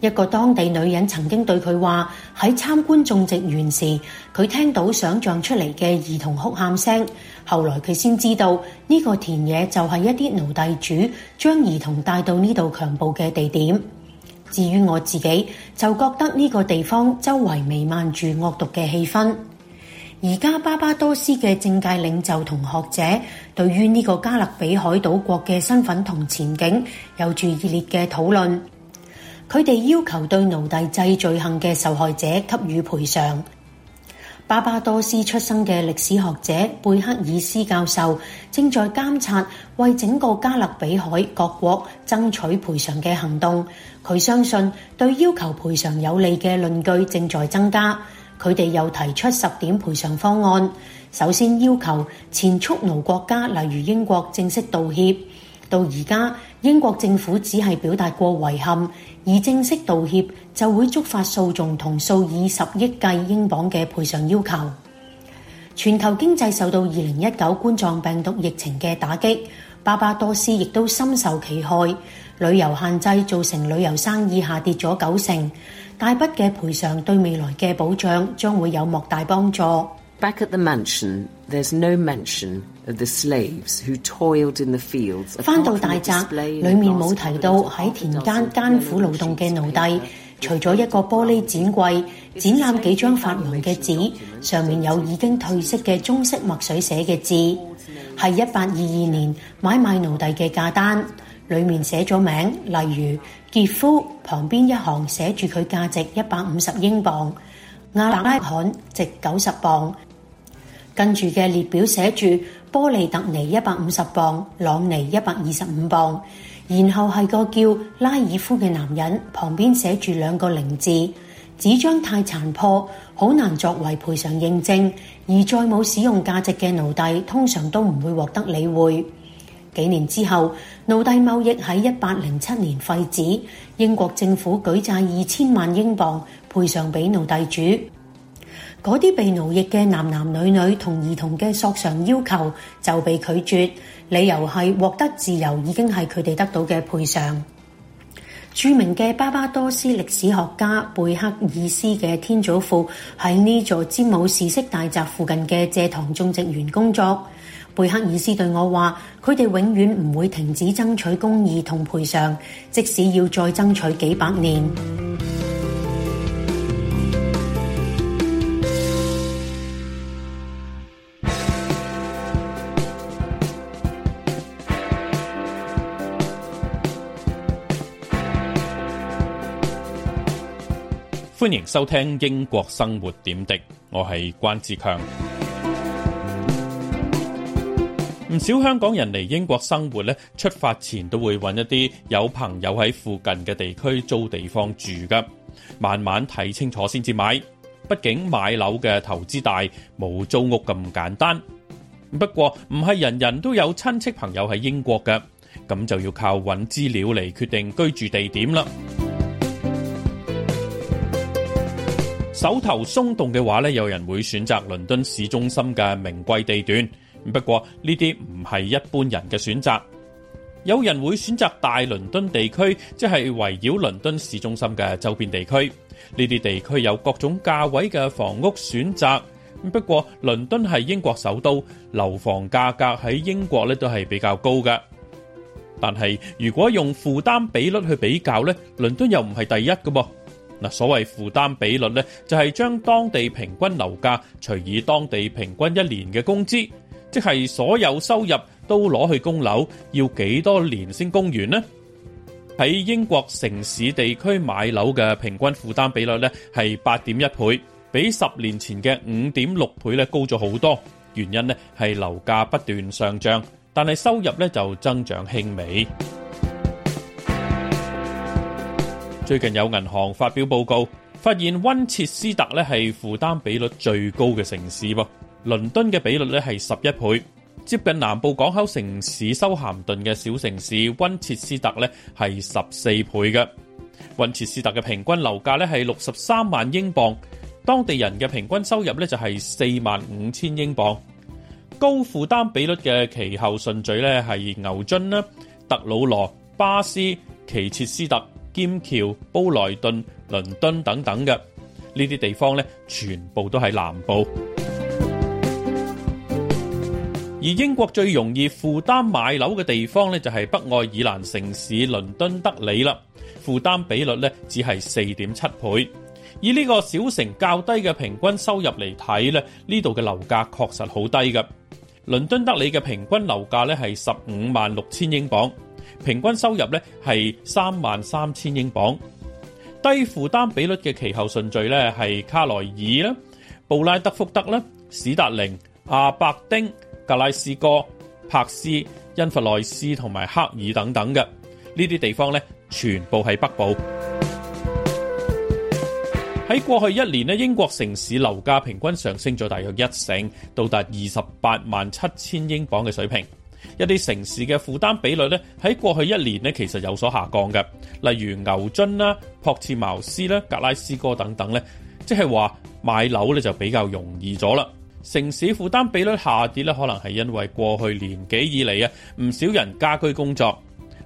[SPEAKER 6] 一個當地女人曾經對佢話：喺參觀種植園時，佢聽到想象出嚟嘅兒童哭喊聲。後來佢先知道呢個田野就係一啲奴隸主將兒童帶到呢度強暴嘅地點。至於我自己，就覺得呢個地方周圍彌漫住惡毒嘅氣氛。而家巴巴多斯嘅政界領袖同學者對於呢個加勒比海島國嘅身份同前景有住熱烈嘅討論。佢哋要求對奴隸制罪行嘅受害者給予賠償。巴巴多斯出生嘅歷史學者貝克爾斯教授正在監察為整個加勒比海各國爭取賠償嘅行動。佢相信對要求賠償有利嘅論據正在增加。佢哋又提出十點賠償方案。首先要求前速奴國家，例如英國，正式道歉。到而家，英國政府只係表達過遺憾。而正式道歉就會觸發訴訟同數以十億計英鎊嘅賠償要求。全球經濟受到2019冠狀病毒疫情嘅打擊，巴巴多斯亦都深受其害，旅遊限制造成旅遊生意下跌咗九成，大筆嘅賠償對未來嘅保障將會有莫大幫助。返到大宅，裡面冇提到喺田間艱苦勞動嘅奴隸，除咗一個玻璃展櫃，展覽幾張發黃嘅紙，上面有已經褪色嘅中式墨水寫嘅字，係一八二二年買賣奴隸嘅價單，裡面寫咗名，例如傑夫，旁邊一行寫住佢價值一百五十英鎊，亞伯拉罕值九十鎊。跟住嘅列表寫住波利特尼一百五十磅，朗尼一百二十五磅，然後係個叫拉爾夫嘅男人，旁邊寫住兩個零字。紙張太殘破，好難作為賠償認證，而再冇使用價值嘅奴隸通常都唔會獲得理會。幾年之後，奴隸貿易喺一八零七年廢止，英國政府舉債二千萬英鎊賠償俾奴隸主。嗰啲被奴役嘅男男女女同兒童嘅索償要求就被拒絕，理由係獲得自由已經係佢哋得到嘅賠償。著名嘅巴巴多斯歷史學家貝克爾斯嘅天祖父喺呢座詹姆士式大宅附近嘅蔗糖種植園工作。貝克爾斯對我話：佢哋永遠唔會停止爭取公義同賠償，即使要再爭取幾百年。
[SPEAKER 1] 歡迎收聽英國生活點滴，我係關志強。唔少香港人嚟英國生活咧，出發前都會揾一啲有朋友喺附近嘅地區租地方住噶，慢慢睇清楚先至買。畢竟買樓嘅投資大，冇租屋咁簡單。不過唔係人人都有親戚朋友喺英國㗎，咁就要靠揾資料嚟決定居住地點啦。手頭鬆動嘅話咧，有人會選擇倫敦市中心嘅名貴地段。不過呢啲唔係一般人嘅選擇。有人會選擇大倫敦地區，即係圍繞倫敦市中心嘅周邊地區。呢啲地區有各種價位嘅房屋選擇。不過倫敦係英國首都，樓房價格喺英國咧都係比較高㗎。但係如果用負擔比率去比較咧，倫敦又唔係第一噶噃。嗱，所謂負擔比率咧，就係將當地平均樓價除以當地平均一年嘅工資，即係所有收入都攞去供樓，要幾多年先供完呢？喺英國城市地區買樓嘅平均負擔比率咧，係八點一倍，比十年前嘅五點六倍咧高咗好多。原因呢係樓價不斷上漲，但係收入咧就增長輕微。最近有銀行發表報告，發現溫切斯特咧係負擔比率最高嘅城市。噃，倫敦嘅比率咧係十一倍，接近南部港口城市修咸頓嘅小城市溫切斯特咧係十四倍嘅。溫切斯特嘅平均樓價咧係六十三萬英鎊，當地人嘅平均收入咧就係四萬五千英鎊。高負擔比率嘅其後順序咧係牛津啦、特魯羅、巴斯、奇切斯特。劍橋、布萊頓、倫敦等等嘅呢啲地方呢，全部都係南部。而英國最容易負擔買樓嘅地方呢，就係北愛爾蘭城市倫敦德里啦。負擔比率呢，只係四點七倍。以呢個小城較低嘅平均收入嚟睇呢，呢度嘅樓價確實好低㗎。倫敦德里嘅平均樓價呢，係十五萬六千英鎊。平均收入咧係三萬三千英鎊，低負擔比率嘅其後順序咧係卡萊爾啦、布拉德福德啦、史達靈、阿伯丁、格拉斯哥、柏斯、因弗內斯同埋黑爾等等嘅呢啲地方咧，全部係北部。喺 (music) 過去一年咧，英國城市樓價平均上升咗大約一成，到達到二十八萬七千英鎊嘅水平。一啲城市嘅負擔比率咧，喺過去一年咧，其實有所下降嘅。例如牛津啦、樸茨茅斯啦、格拉斯哥等等咧，即係話買樓咧就比較容易咗啦。城市負擔比率下跌咧，可能係因為過去年幾以嚟啊，唔少人家居工作，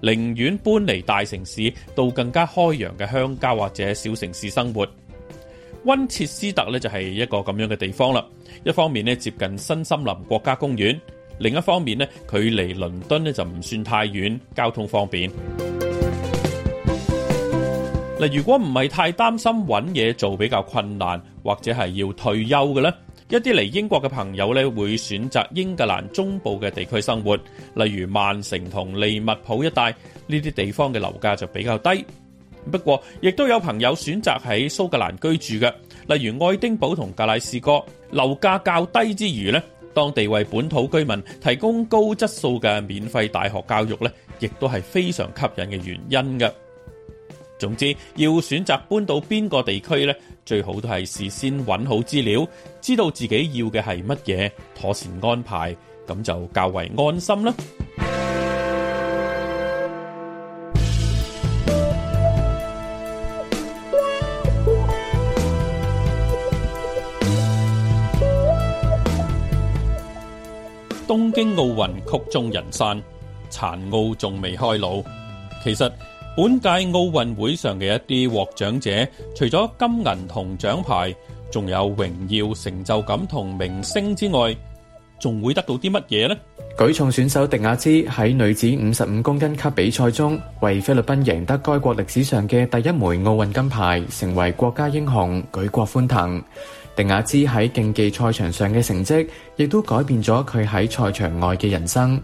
[SPEAKER 1] 寧願搬離大城市，到更加開揚嘅鄉郊或者小城市生活。溫切斯特咧就係一個咁樣嘅地方啦。一方面咧接近新森林國家公園。另一方面呢，距離倫敦呢就唔算太遠，交通方便。嗱，如果唔係太擔心揾嘢做比較困難，或者係要退休嘅呢，一啲嚟英國嘅朋友呢，會選擇英格蘭中部嘅地區生活，例如曼城同利物浦一帶，呢啲地方嘅樓價就比較低。不過，亦都有朋友選擇喺蘇格蘭居住嘅，例如愛丁堡同格拉斯哥，樓價較低之餘呢。當地為本土居民提供高質素嘅免費大學教育咧，亦都係非常吸引嘅原因嘅。總之，要選擇搬到邊個地區咧，最好都係事先揾好資料，知道自己要嘅係乜嘢，妥善安排，咁就較為安心啦。東京奧運曲終人散，殘奧仲未開鑼。其實本屆奧運會上嘅一啲獲獎者，除咗金銀同獎牌，仲有榮耀成就感同名聲之外，仲會得到啲乜嘢呢？
[SPEAKER 5] 舉重選手迪亞茲喺女子五十五公斤級比賽中為菲律賓贏得該國歷史上嘅第一枚奧運金牌，成為國家英雄，舉國歡騰。定雅茲喺競技賽場上嘅成績，亦都改變咗佢喺賽場外嘅人生。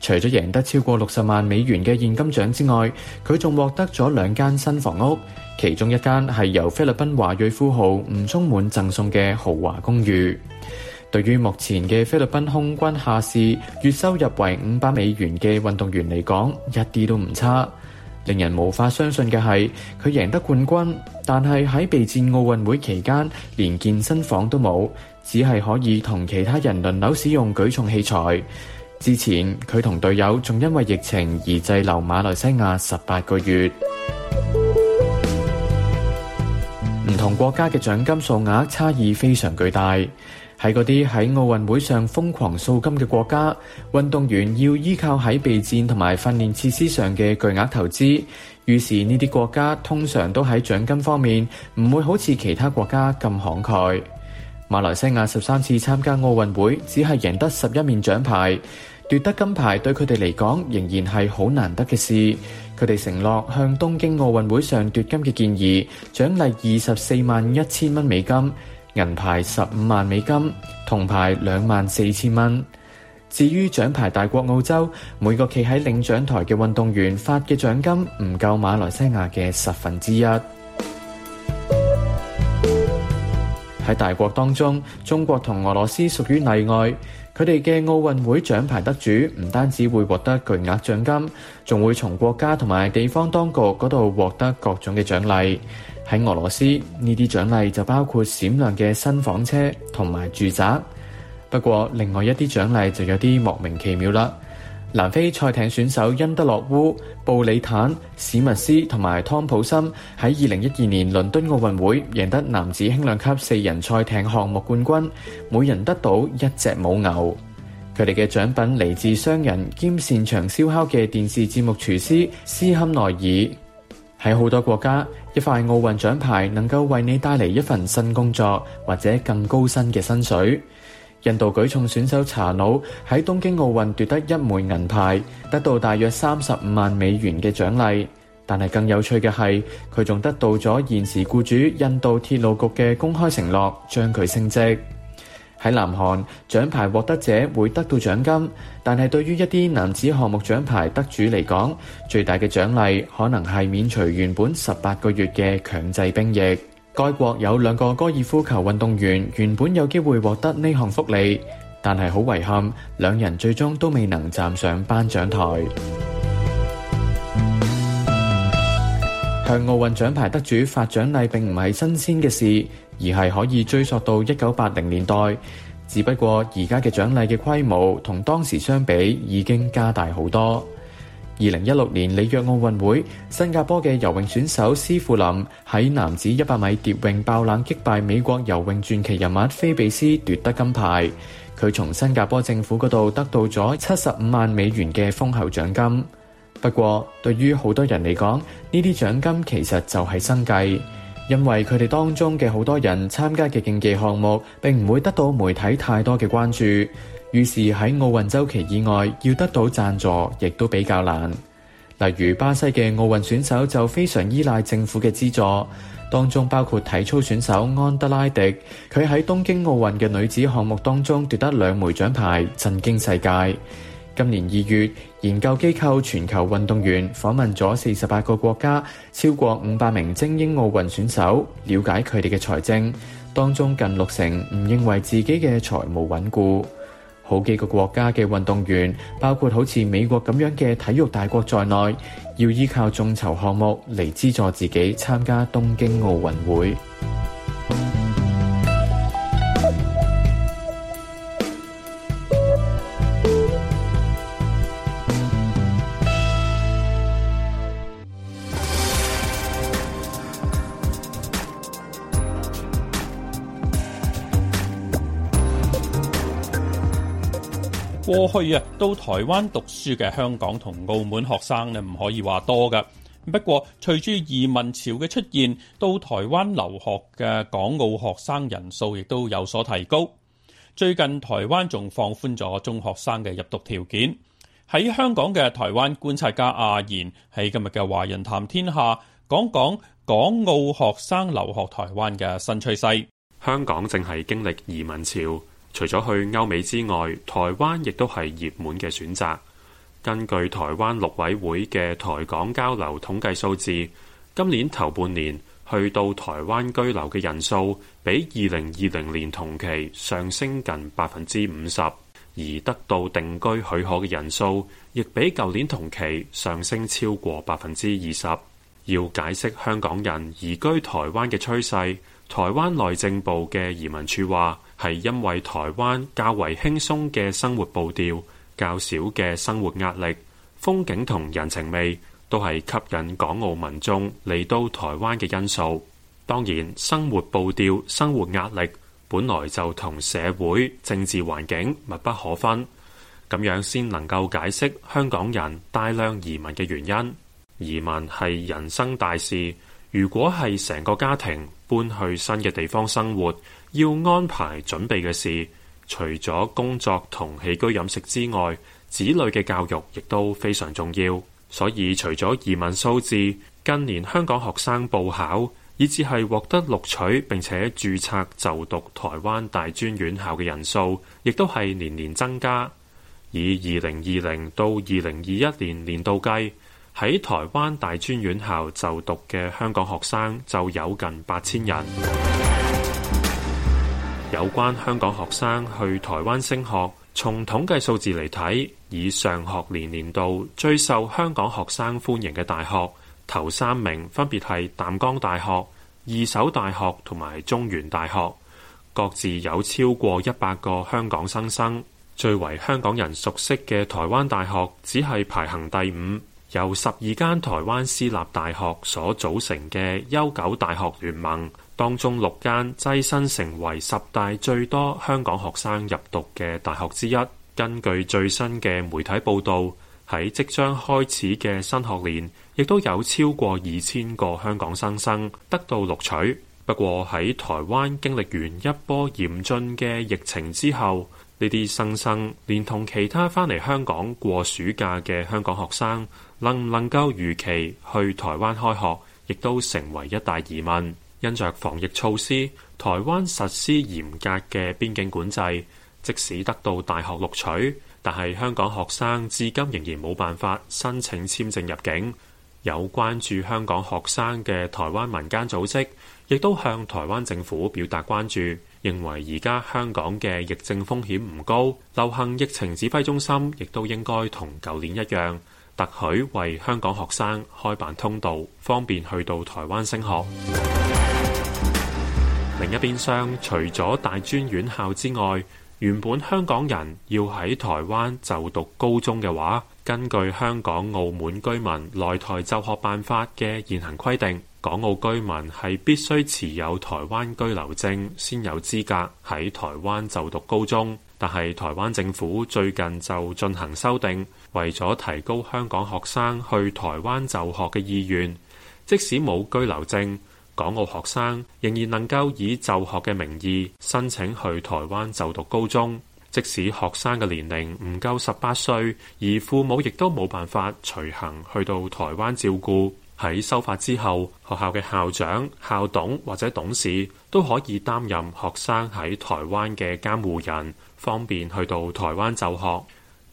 [SPEAKER 5] 除咗贏得超過六十萬美元嘅現金獎之外，佢仲獲得咗兩間新房屋，其中一間係由菲律賓華裔富豪吳充滿贈送嘅豪華公寓。對於目前嘅菲律賓空軍下士，月收入為五百美元嘅運動員嚟講，一啲都唔差。令人無法相信嘅係，佢贏得冠軍，但係喺備戰奧運會期間，連健身房都冇，只係可以同其他人輪流使用舉重器材。之前佢同隊友仲因為疫情而滯留馬來西亞十八個月。 (music) 唔同國家嘅獎金數額差異非常巨大。係嗰啲喺奧運會上瘋狂掃金嘅國家，運動員要依靠喺備戰同埋訓練設施上嘅巨額投資，於是呢啲國家通常都喺獎金方面唔會好似其他國家咁慷慨。馬來西亞十三次參加奧運會，只係贏得十一面獎牌，奪得金牌對佢哋嚟講仍然係好難得嘅事。佢哋承諾向東京奧運會上奪金嘅健兒，獎勵二十四萬一千蚊美金。銀牌十五萬美金，銅牌兩萬四千蚊。至於獎牌大國澳洲，每個企喺領獎台嘅運動員發嘅獎金唔夠馬來西亞嘅十分之一。喺 (music) 大國當中，中國同俄羅斯屬於例外，佢哋嘅奧運會獎牌得主唔單止會獲得巨額獎金，仲會從國家同埋地方當局嗰度獲得各種嘅獎勵。喺俄羅斯，呢啲獎勵就包括閃亮嘅新房車同埋住宅。不過另外一啲獎勵就有啲莫名其妙啦。南非賽艇選手恩德洛烏、布里坦、史密斯同埋湯普森喺二零一二年倫敦奧運會贏得男子輕量級四人賽艇項目冠軍，每人得到一隻母牛。佢哋嘅獎品嚟自商人兼擅長燒烤嘅電視節目廚師斯堪內爾。喺好多國家，一塊奧運獎牌能夠為你帶嚟一份新工作，或者更高薪嘅薪水。印度舉重選手查努喺東京奧運奪得一枚銀牌，得到大約三十五萬美元嘅獎勵。但係更有趣嘅係，佢仲得到咗現時僱主印度鐵路局嘅公開承諾，將佢升職。喺南韓，獎牌獲得者會得到獎金，但係對於一啲男子項目獎牌得主嚟講，最大嘅獎勵可能係免除原本十八個月嘅強制兵役。該國有兩個高爾夫球運動員原本有機會獲得呢項福利，但係好遺憾，兩人最終都未能站上頒獎台。向奧運獎牌得主發獎勵並唔係新鮮嘅事。而係可以追溯到一九八零年代，只不過而家嘅獎勵嘅規模同當時相比已經加大好多。二零一六年里約奧運會，新加坡嘅游泳選手斯庫林喺男子一百米蝶泳爆冷擊敗美國游泳傳奇人物菲比斯奪得金牌，佢從新加坡政府嗰度得到咗七十五萬美元嘅豐厚獎金。不過，對於好多人嚟講，呢啲獎金其實就係生計。因為佢哋當中嘅好多人參加嘅競技項目並唔會得到媒體太多嘅關注，於是喺奧運週期以外要得到贊助亦都比較難。例如巴西嘅奧運選手就非常依賴政府嘅資助，當中包括體操選手安德拉迪，佢喺東京奧運嘅女子項目當中奪得兩枚獎牌，震驚世界。今年二月，研究機構全球運動員訪問咗四十八個國家，超過五百名精英奧運選手，了解佢哋嘅財政。當中近六成唔認為自己嘅財務穩固。好幾個國家嘅運動員，包括好似美國咁樣嘅體育大國在內，要依靠眾籌項目嚟資助自己參加東京奧運會。
[SPEAKER 1] 過去啊，到台灣讀書嘅香港同澳門學生呢，唔可以話多噶。不過，隨住移民潮嘅出現，到台灣留學嘅港澳學生人數亦都有所提高。最近台灣仲放寬咗中學生嘅入讀條件。喺香港嘅台灣觀察家阿賢喺今日嘅《華人談天下》講講港澳學生留學台灣嘅新趨勢。香港正係經歷移民潮。
[SPEAKER 7] 除咗去歐美之外，台灣亦都係熱門嘅選擇。根據台灣陸委會嘅台港交流統計數字，今年頭半年去到台灣居留嘅人數比二零二零年同期上升近百分之五十，而得到定居許可嘅人數亦比舊年同期上升超過百分之二十。要解釋香港人移居台灣嘅趨勢，台灣內政部嘅移民處話：係因為台灣較為輕鬆嘅生活步調，較少嘅生活壓力，風景同人情味都係吸引港澳民眾嚟到台灣嘅因素。當然，生活步調，生活壓力本來就同社會政治環境密不可分，咁樣先能夠解釋香港人大量移民嘅原因。移民係人生大事，如果係成個家庭搬去新嘅地方生活。要安排準備嘅事，除咗工作同起居飲食之外，子女嘅教育亦都非常重要。所以，除咗移民數字，近年香港學生報考，以至係獲得錄取並且註冊就讀台灣大專院校嘅人數，亦都係年年增加。以二零二零到二零二一年年度計，喺台灣大專院校就讀嘅香港學生就有近八千人。有關香港學生去台灣升學，從統計數字嚟睇，以上學年年度最受香港學生歡迎嘅大學頭三名分別係淡江大學、二手大學同埋中原大學，各自有超過一百個香港新生，生。最為香港人熟悉嘅台灣大學只係排行第五，由十二間台灣私立大學所組成嘅優久大學聯盟。當中六間躋身成為十大最多香港學生入讀嘅大學之一。根據最新嘅媒體報道，喺即將開始嘅新學年，亦都有超過二千個香港新生得到錄取。不過喺台灣經歷完一波嚴峻嘅疫情之後，呢啲新生連同其他返嚟香港過暑假嘅香港學生，能唔能夠如期去台灣開學，亦都成為一大疑問。因着防疫措施，台灣實施嚴格嘅邊境管制，即使得到大學錄取，但係香港學生至今仍然冇辦法申請簽證入境。有關注香港學生嘅台灣民間組織，亦都向台灣政府表達關注，認為而家香港嘅疫症風險唔高，流行疫情指揮中心亦都應該同舊年一樣。特許為香港學生開辦通道，方便去到台灣升學。另一邊廂，除咗大專院校之外，原本香港人要喺台灣就讀高中嘅話，根據香港澳門居民來台就學辦法嘅現行規定，港澳居民係必須持有台灣居留證先有資格喺台灣就讀高中。但係，台灣政府最近就進行修訂，為咗提高香港學生去台灣就學嘅意願，即使冇居留證，港澳學生仍然能夠以就學嘅名義申請去台灣就讀高中。即使學生嘅年齡唔夠十八歲，而父母亦都冇辦法隨行去到台灣照顧，喺修法之後，學校嘅校長、校董或者董事都可以擔任學生喺台灣嘅監護人。方便去到台灣就學，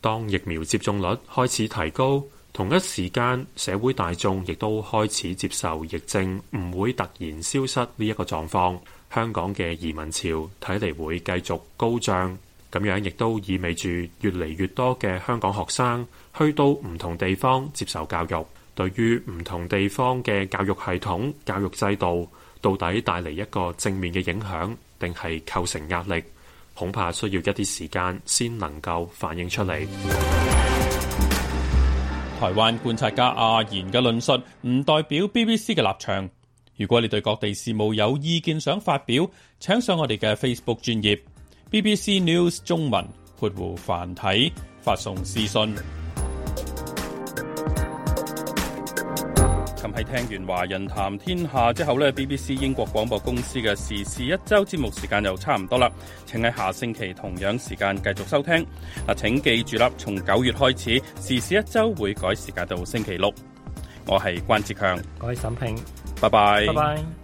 [SPEAKER 7] 當疫苗接種率開始提高，同一時間社會大眾亦都開始接受疫症唔會突然消失呢一個狀況。香港嘅移民潮睇嚟會繼續高漲，咁樣亦都意味住越嚟越多嘅香港學生去到唔同地方接受教育，對於唔同地方嘅教育系統教育制度，到底帶嚟一個正面嘅影響定係構成壓力？恐怕
[SPEAKER 1] 需要一啲時間先能夠反映出嚟。台灣觀察家阿言嘅論述唔代表 BBC 嘅立場。如果你對各地事務有意見想發表，請上我哋嘅 Facebook 專頁 BBC News 中文括弧繁體發送私信。咁喺聽完《華人談天下》之後咧，BBC 英國廣播公司嘅時事一周節目時間又差唔多啦，請喺下星期同樣時間繼續收聽。嗱，請記住啦，從九月開始，時事一周會改時間到星期六。我係關智強，
[SPEAKER 2] 我係沈平，
[SPEAKER 1] 拜拜，拜拜。